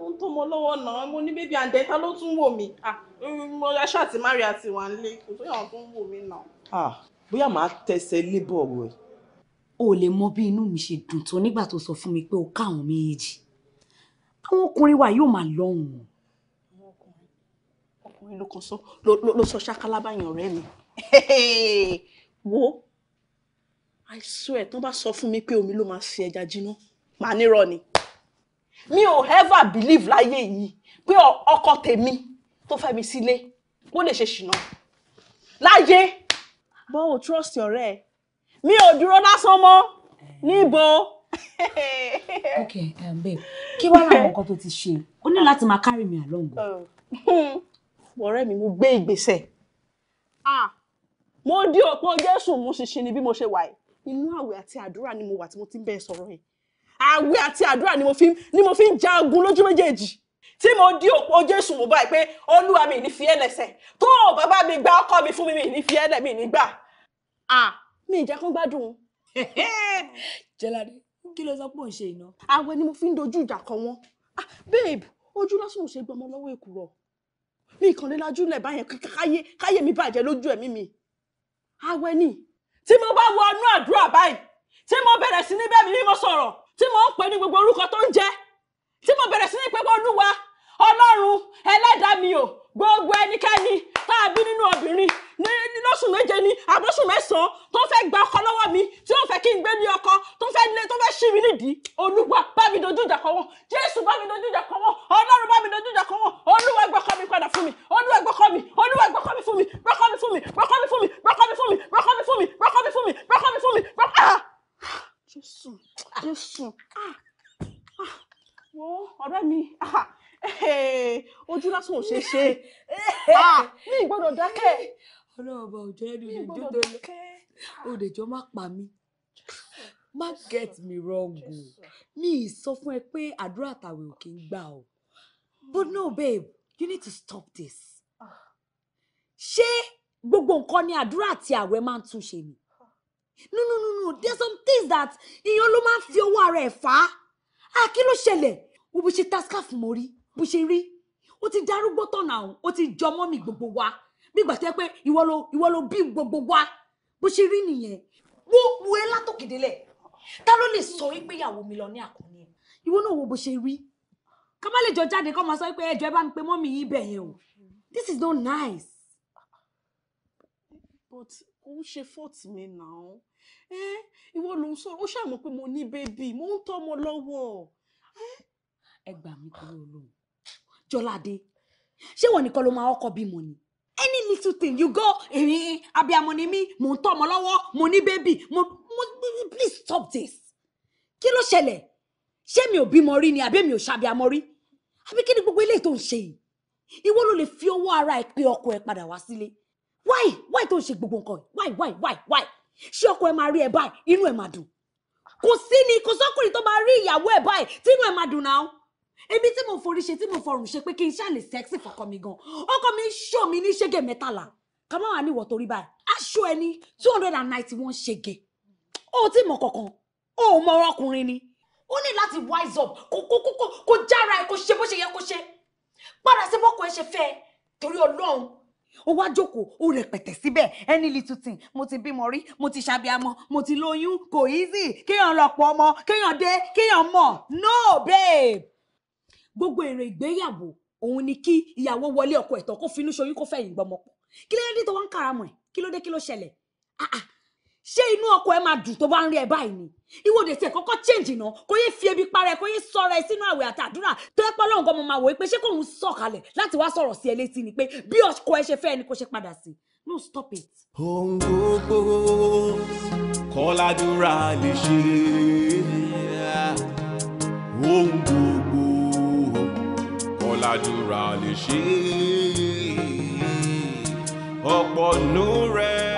mo ń tọmọ lọ́wọ́ náà mo ní bébí àǹdẹ ta ló tún wò mí ah, mo aṣọ àti mari àti wà ń lé kò tó yàn tó ń wò mí náà. Ah, bóyá màá tẹsẹ̀ lébọ̀ ọ̀rọ̀ o lè mọ bí inú mi ṣe dùn tó nígbà tó sọ fún mi pé o ká àwọn méjì àwọn ọkùnrin wa yóò máa lọ́hùn-ún ọkùnrin ló kan sọ ló sọ ṣákálá báyìí mi wo I swear tó bá sọ fún mi pé omi ló máa fi ẹja jiná màá ni mi ò ever believe láyé yìí pé ọkọ tèmi tó fẹ́ mi sílé kó lè ṣe ṣìnà láyé bọ́n ò trust ọ̀rẹ́ ẹ̀ mi ò dúró lásán mọ́ níbo. ok um, babe kí wàá ra àwọn nǹkan tó ti ṣe o ní láti máa carry me along. Oh. ọ̀rẹ́ mi mo gbé ìgbésẹ̀ ah mo di òpó Jésù mú ṣinṣin ni bí mo ṣe wà yìí inú àwẹ̀ àti àdúrà ni mo wà tí mo ti ń bẹ sọ̀rọ̀ yìí àwẹ̀ àti àdúrà ni mo fi ni mo fi ń jagun lójú méjèèjì tí mo di òpó Jésù mú báyìí pé Olúwa mi ní fi ẹlẹsẹ tó o bàbá mi gba ọkọ mi fún mi mi ní fi ẹlẹ mi ní gbà ah mi ìjà kan gbádùn. jẹ́ládé kí ló sọ pé ò ń ṣe iná. àwẹ̀ ni mo fi ń dojú ìjà kọ wọn ah babe ojú lásán ò ṣe gbọmọ lọ́wọ́ èkùrọ́ mi ìkànnì lajú lẹ̀ báyẹn káyé káyé mi bàjẹ́ lójú ẹ̀mí mi awẹ́ ni tí mo bá wọ inú àdúrà báyìí tí mo bẹ̀rẹ̀ sí ní bẹ́ẹ̀ mi mímọ́ sọ̀rọ̀ tí mo ń pè ní gbogbo orúkọ tó ń jẹ́ tí mo bẹ̀rẹ̀ sí ní pé olúwa ọlọ́run ẹlẹ́dàá mi ò gbogbo ẹnikẹ́ni tá a bí nínú obìnrin lóṣù méje ni àbóṣù mẹ́sàn-án tó fẹ́ gba ọkọ lọ́wọ́ mi tí ó fẹ́ kí n gbé ní ọkọ tó fẹ́ lé tó fẹ́ ṣí mi nídìí olúwa bá mi dojú ìjà kọ wọn jésù bá mi dojú ìjà kọ wọn ọlọ́run bá mi dojú ìjà kọ wọn olúwa gbọ́kọ mi padà fún mi olúwa gbọ́kọ mi olúwa gbọ́kọ mi fún mi gbọ́kọ mi fún mi gbọ́kọ mi fún mi gbọ́kọ mi fún mi gbọ́kọ mi fún mi gbọ́kọ mi fún mi gbọ́kọ mi fún mi gbọ́kọ ah! jésù jésù ah! Ah! wo ọ̀rẹ́ mi ojú lásán ò ṣeé ṣe mi ìgbọ́dọ̀ dákẹ́ ọlọ́run ọba òjò ẹ̀dùn lè jó tó lọ o lè má pa mí má get me wrong o mi ì sọ fún ẹ pé àdúrà àtàwẹ̀ ò kí ń gbà o hmm. but no babe you need to stop this ah. ṣé gbogbo nǹkan ni àdúrà àti àwẹ̀ máa ń túnṣe ni ah. no no no no there are some things that ìyẹn ló máa ń fi ọwọ́ ara ẹ̀ fà á ah, kí ló ṣẹlẹ̀ wo bó ṣe taskaf mo rí bó ṣe rí ó ti darúgbó tọ̀nà ó ti jọmọ́ mi gbogbo wa bí ìgbà tó yẹ pé ìwọ ló ìwọ ló bí gbogbo wa bó ṣe rí nìyẹn wo wo ẹ látòkèdélẹ̀ ta ló lè sọ wípé ìyàwó mi lọ ní àkànní ẹ ìwọ náà wo bó ṣe rí ká má lè jọ jáde kó máa sọ pé ẹjọ ẹ bá ń pe mọ́mì yìí bẹ̀ yẹn o this is not nice. but ó ń ṣe fọ́ọ̀tì mi náà ẹ ìwọ ló ń sọ ó ṣàmọ̀ pé mo ní bébì mo ń tọ́ ọmọ lọ́wọ́ ẹ gbà mí kúrò lóhùn jọládé ṣé wọn nìkan ló máa ọkọ bímọ ni any little thing you go ìrìn abiyamọ ni mí mò ń tọ́ ọmọ lọ́wọ́ mo ní bébì mo please stop this kí ló ṣẹlẹ̀ ṣé mi ò bímọ rí ni àbí mi ò ṣàbíamọ rí àbí kí ni gbogbo eléyìí tó ń ṣe yìí ìwọ ló lè fi ọwọ́ ara ẹ pé ọkọ ẹ padà wá sílé why why tó ń ṣe gbogbo nǹkan why why why why ṣé ọkọ ẹ máa rí ẹ báyìí inú ẹ máa dùn kò sí ni kò sọkùnrin tó máa rí ìyàwó ẹ báyìí tí inú ẹ máa dùn náà èmi tí mo forí ṣe tí mo fọrùn ṣe pé kí n ṣàlè sẹ́ẹ̀sì fọkọ mi gan ọkọ mi ṣó mi ní ṣége mẹ́tàlá ká má wà níwọ̀ torí báyìí aṣọ ẹni two hundred and ninety one ṣége ó ti mọ̀ kankan ó mọ ọkùnrin ni ó ní láti wise up kó kó kó kó jára ẹ kó ṣe bó ṣe yẹ kó ṣe padà sí bọ́kọ ẹ ṣe fẹ́ torí ọlọ́run ó wá jókòó ó rẹpẹtẹ síbẹ̀ ẹni little thing mo ti bímọ rí mo ti ṣàbíamọ mo ti lóyún kò easy kéèyàn lọ pọ̀ ọmọ kéèyàn dé kéèyàn mọ̀ no babe gbogbo èrè ìgbéyàwó òun ni kí ìyàwó wọlé ọkọ ẹ̀tọ́ kó finú ṣoyún kó fẹ̀yìn gbọmọ pọ̀ kí ló dé tó wá ń karamọ̀ ẹ̀ kí ló dé kí ló ṣẹlẹ̀ ah, ah. ṣé inú ọkọ ẹ máa dùn tó bá ń rí ẹ báyìí ni ìwọ́de tí ẹ kọ́kọ́ change náà kó yé fi ebi para ẹ kó yé sọ̀rọ̀ ẹ sínú àwẹ̀ àtàdúrà tó ẹ pọ́lọ́ nǹkan mo máa wò ó pé ṣé kóun sọ̀kalẹ̀ láti wá sọ̀rọ̀ sí ẹ létí ni pé bí ọkọ ẹ ṣe fẹ́ ni kó ṣe padà sí no stop it. ohun gbogbo kọ́ládúrà lè ṣe ohun gbogbo ládùúrà lè ṣe ọ̀pọ̀ nù rẹ̀.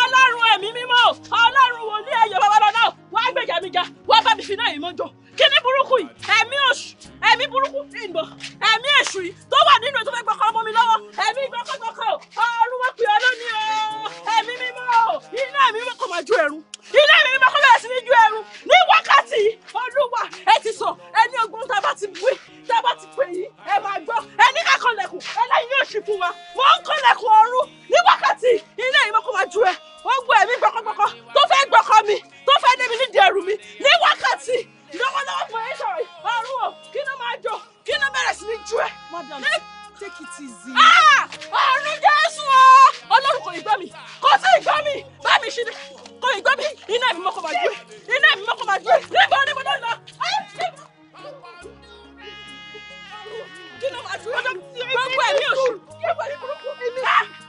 ọlọ́run ẹ̀mí mímọ́ ọlọ́run wòlíì ẹ̀yẹ babalọ́dọ̀ wàá gbèjà mi jà wàá bá mi fi náà yìí mọ́jọ́ kíní burúkú yìí ẹ̀mí oṣù ẹ̀mí burúkú ìgbọ̀ ẹ̀mí èṣù yìí tó wà nínú ètò fẹ́ gbọ́kọ̀ ọmọ mi lọ́wọ́ ẹ̀mí gbọ́kọ̀gbọ́kọ̀ ọ̀rùnwó pè ọ́ lónìí o ẹ̀mí mímọ́ o iná ẹ̀mí mímọ́ kò máa ju ẹ̀rù iná mi mímọ́ kò bẹ̀rẹ̀ sí ní ju ẹ̀rù ní wákàtí olúwa ẹ ti sọ ẹni ọgbọ́n tá a bá ti wí tá a bá ti pè yìí ẹ máa gbọ́ ẹni ká kọlẹ̀kùn ẹlẹ́yin yóò ṣì fún wa mò ń kọlẹ̀kùn ọ̀run ní wákàtí iná ẹ̀mí mímọ́ kò máa ju ẹ ó gbọ́ ẹ̀mí gbọ́kọ̀gbọ́kọ̀ tó fẹ́ gbọ́kọ̀ mi tó fẹ́ débi nídìí ẹ̀rù mi ní wákàtí lọ́wọ́lọ́wọ́ bọ̀ ẹ́ sọ̀rọ̀ ọ̀rùn o kí ló máa jọ kí ló bẹ̀rẹ̀ sí ní ju madam take it easy. ọ̀run ah! jésù o ọlọ́run kò ìgbọ́ mi kò sí ìgbọ́ mi bá mi ṣe kò ìgbọ́ mi iná mi mọ́kọ́ máa dúró iná mi mọ́kọ́ máa dúró níbo níbo náà lọ. kí ló máa dúró gbogbo ẹ̀mí òṣù.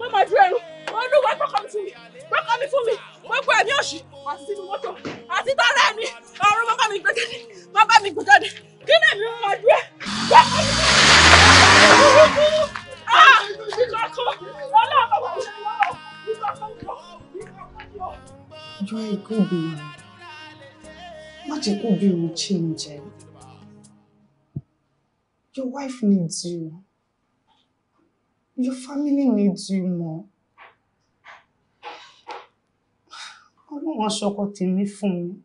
mo máa ju ẹrù olúwa gbọ́kọ mi fún mi gbọ́kọ mi fún mi gbogbo ẹ̀mí òṣì àti sínú mọ́tò àti tọ́ra ẹ̀mí ọ̀run bàbá mi gbé jáde bàbá mi gbé jáde kí ni èmi máa ju ẹ gbọ́kọ mi fún mi ah ìgbàkọ ọlọ́run bàbá mi ìgbàkọ ìgbàkọ ìgbàkọ. jọ ikú mi má jẹ́ kó bí mo ṣe jẹ Your wife needs you. Your family needs you more. I don't Ọlọ́run wá to tèmi for me.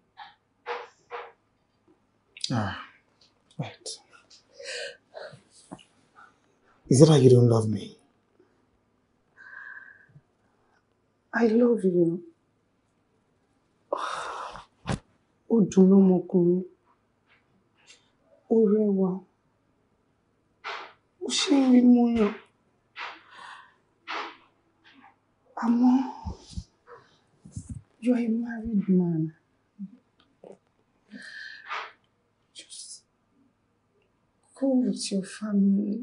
Ah, wait. Is it like you don't love me? I love you. Ó dùn lọ́mọkùnrin. Ó rẹwà. Ó ṣe é rí àmọ́ you're a married man. Just go with your family.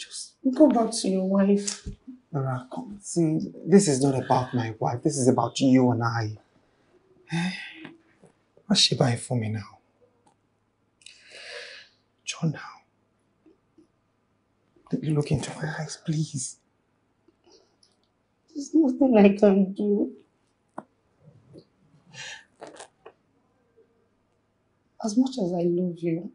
Just go back to your wife. Laura, come. See, this is not about my wife. This is about you and I. What's she buying for me now, John, now. Let me look into my eyes, please. There's nothing I can do. As much as I love you,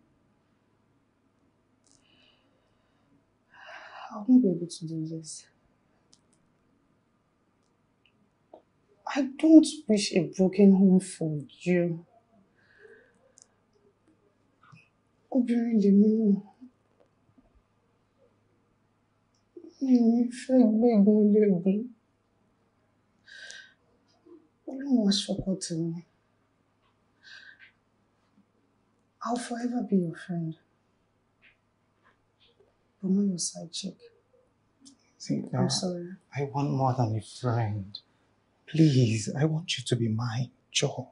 I'll not be able to do this. I don't wish a broken home for you. obìnrin lèmi náà mi ò ní fẹ́ gbẹ́gun Everyone has forgotten me. I'll forever be your friend. But not your side chick. See, I'm sorry. I want more than a friend. Please, I want you to be my Joe.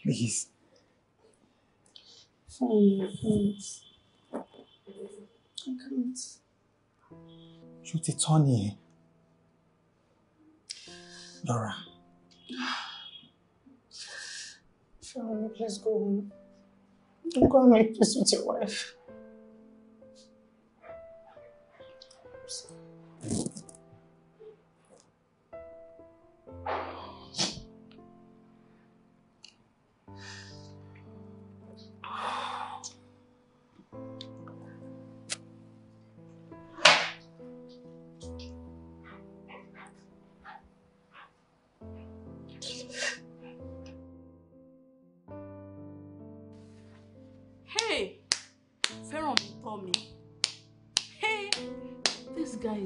Please. Oh, please. I can't. Shoot it, Tony. Laura. Family, please go home. go and make peace with your wife. So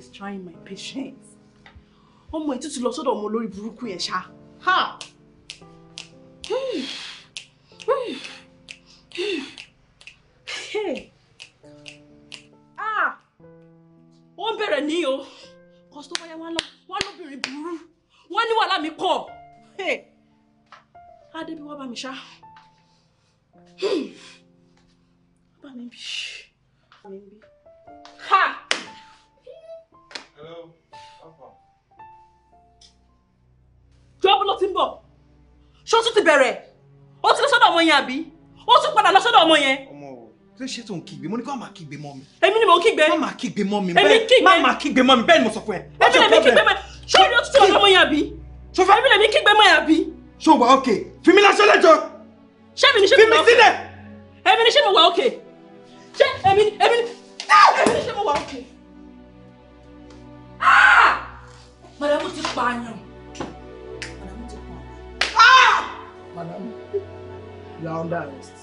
is trying my patience ọmọ ètùtù lọ sọ́dọ̀ ọmọ olórí burúkú yẹn ṣá ṣe tó ń kígbe mo ní kó má máa kígbe mọ́ mi. èmi ni mo kígbe. má máa kígbe mọ́ mi bẹ́ẹ̀ má máa kígbe mọ́ mi bẹ́ẹ̀ ni mo sọ fún ẹ. èmi lèmi kígbe mọ́ ṣé o yóò tún ọ̀dọ́ mọ́ yà bí. sọfẹ́ èmi lèmi kígbe mọ́ yà ṣé o wà ókè fi mi lásán lẹ́jọ́. ṣé èmi ni ṣé mo wà ókè. fi mi sílẹ̀. èmi ni ṣé mo wà ókè. ṣé èmi ni èmi ni ah! èmi ni ṣé mo wà ókè. Ah! màdàmú ti pààyàn. màdàmú ti pààyàn. Ah! màdàmú you are under arrest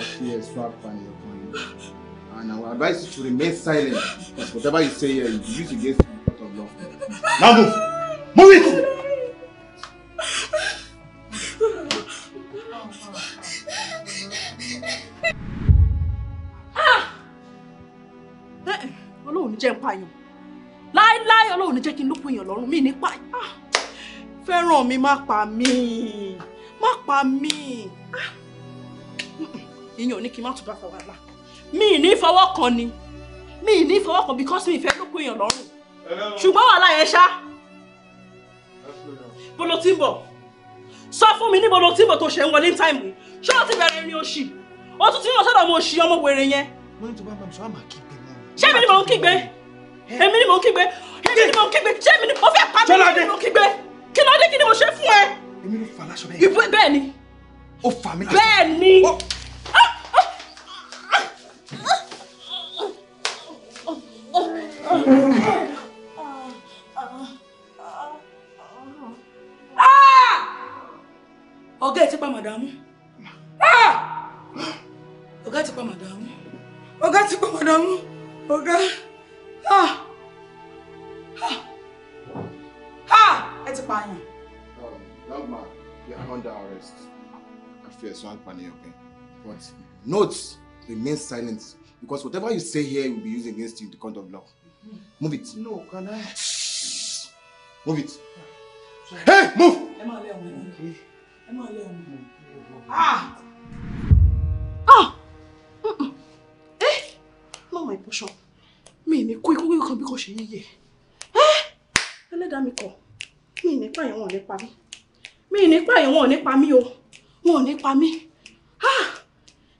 fi ẹ̀sùn apànìyàn kan yìí and I will advise you to remain silent because whatever you say here you be against you in of law. Now move move it. Eh, Ọlọ́run ní jẹ́ ń pààyàn láéláé Ọlọ́run alone jẹ́ kí n lókun èèyàn lọ́rùn mí me, pààyàn ah, fẹ́ràn mi má pa mí má pa mí. Ah ìyẹn ò ní kí n má tún bá fa wàhálà mi ì ní fọwọ́ kan ni mi ì ní fọwọ́ kan because mi ìfẹ́ ló kó èèyàn lọ́rùn ṣùgbọ́n wàhálà yẹn ṣá bolo tí ń bọ̀ sọ fún mi ní bolo tí ń bọ̀ tó ṣe ń wọlé ní táìmù ṣé o ti bẹ̀rẹ̀ ní oṣì o tún ti ń lọ sọ́dọ̀ mo ṣì ọmọ wèrè yẹn. ṣé èmi ni mò ń kígbe èmi ni mò ń kígbe èmi ni mò ń kígbe ṣé èmi ni mo fẹ́ pa mi èmi ni mò ń kígbe kí ló dé kí ni mo ṣe fún ẹ. èmi ló fà láṣọ bẹ́ẹ̀. bẹ́ẹ̀ ni. ó fà mí láṣọ. bẹ́ẹ̀ ni. ọ̀gá ẹ̀ ti pa màdàmú ọ̀gá ti pa màdàmú ọ̀gá ti pa màdàmú ọ̀gá ẹ ti pààyàn. Young man, you are under arrest. I fear so panic, okay? But note, remain silent because whatever you say here will be used against you in the court of law. Move it. No, can I? Shh. Move it. Sorry. Hey, move! Emma, let me. Emma, let Ah! Ah! Mm-mm. Eh! Not my portion. Mi ni kú ikú kan bí kò ṣe yíyẹ. Eh! Ẹlẹ́dàá mi kọ̀. Mi ní pààyàn wọn ò ní pa mí. Mi ní pààyàn wọn ò ní pa mi o. Wọn ò ní pa mi. Ah!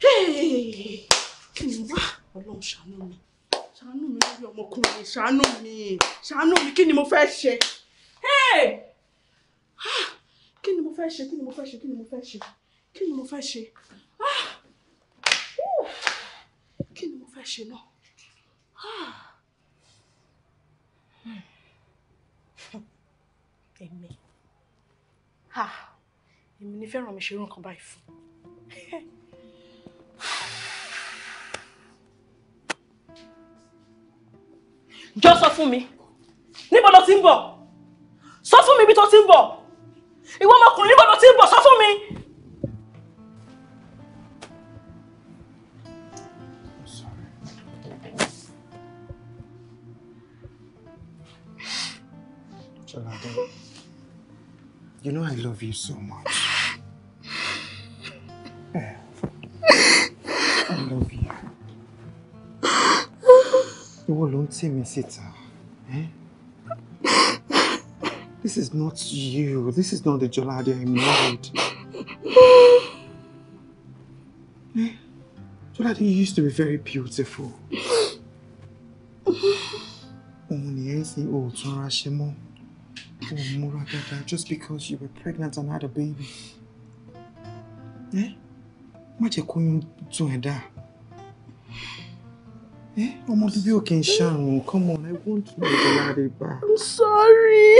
Hey! Kí ni wá? Ọlọ́run mi ṣàánú mi lórí ọmọkùnrin ṣàánú mi ṣàánú mi ah! kí ni mo fẹ́ ṣe kí ni mo fẹ́ ṣe kí ni mo fẹ́ ṣe kí ni mo fẹ́ ṣe kí ni mo fẹ́ ṣe kí ni mo fẹ́ ṣe náà. èmi ah! hmm. èmi ah! ni fẹ́ràn mi ṣe irú nǹkan báyìí fún. jọ sọ fún mi níbo ló ti ń bọ̀ sọ fún mi ibi tó ti ń bọ̀ ìwọ ọmọkùnrin níbo ló ti ń bọ̀ sọ fún mi. you know I love you so much. wo ló ń tì mí síta? Eh? This is not you. This is not the Jolade I married. Eh? Jolade used to be very beautiful. Òun ni ẹ́ sí òòtún ara ṣe mọ́. Òun múra dáadáa just because you were pregnant and had a baby. Eh? Má jẹ́ kó yún ẹ̀ dáa. Eh, ọmọ bíbí ò kì í ṣàrùn come on i want you Jolade back. i'm sorry.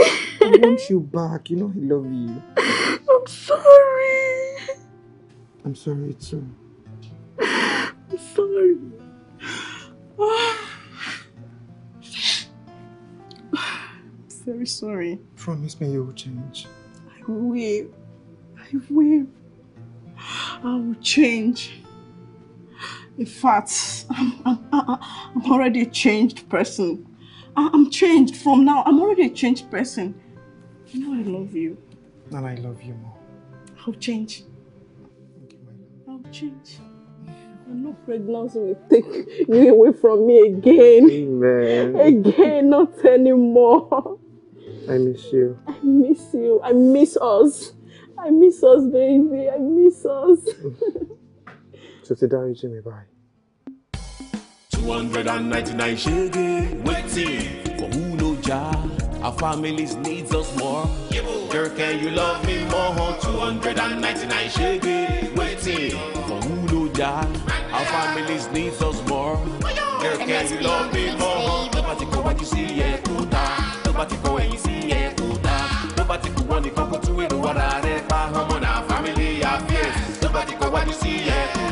i want you back you know i love you. i'm sorry. i'm sorry too. i'm sorry. i'm very sorry. promise me you will change. i will. i will. i will change. In fact, I'm, I'm, I'm already a changed person. I'm changed from now. I'm already a changed person. You know I love you. And I love you more. I'll change. I'll change. i am not pregnant, so pregnancy will take you away from me again. Amen. Again, not anymore. I miss you. I miss you. I miss us. I miss us, baby. I miss us. ṣe ti dáríjì mi báyìí. two hundred and ninety-nine ṣége wetin for who no ja our families needs us more. girl can you love me more two hundred and ninety-nine ṣége wetin for who no ja our families needs us more. girl can you love me more Nobody bá ti kó wájú sí ẹ̀kúta tó bá ti kó ẹ̀yìn sí ẹ̀kúta tó bá ti kú wọn nìkan kó tún èrò ara rẹ̀ pa ọmọ náà family affairs nobody bá ti kó wájú sí ẹ̀kúta.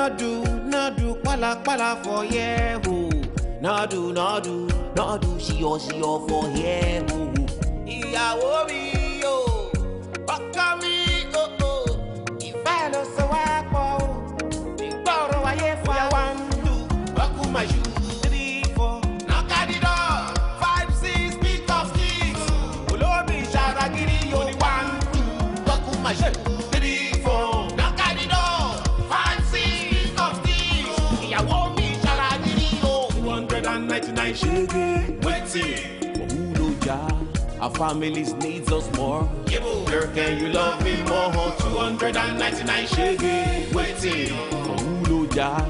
Nadu, nadu, pala pala for yeah, Nadu, nadu, nadu, she or she o for yeah, ho. Ìyàwó mi o, ọkọ mi o o, ìfẹ́ ló so wá pọ̀ o. Ìgbọ́rọ̀ wáyé fún wa. Ó yá wá ń dùn, ọkùnrin Our families needs us more. Yeah, Girl, can you love me more? 299 shege waiting. Kowuloja.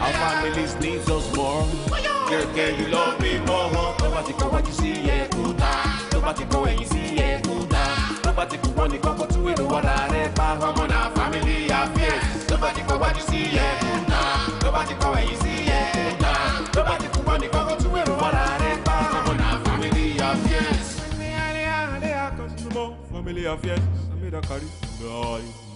Our families needs us more. Girl, can you love me more? Nobody bá what you see, yeah, ẹ̀kúta. Nobody bá what you see, yeah, ẹ̀kúta. Nobody bá ti kú go to kọ́kọ́ tú èrò ọ̀la rẹ̀ pa. family affairs. Nobody bá what you see, yeah, ẹ̀kúta. Nobody bá what you see. only a fiesta, me da carry.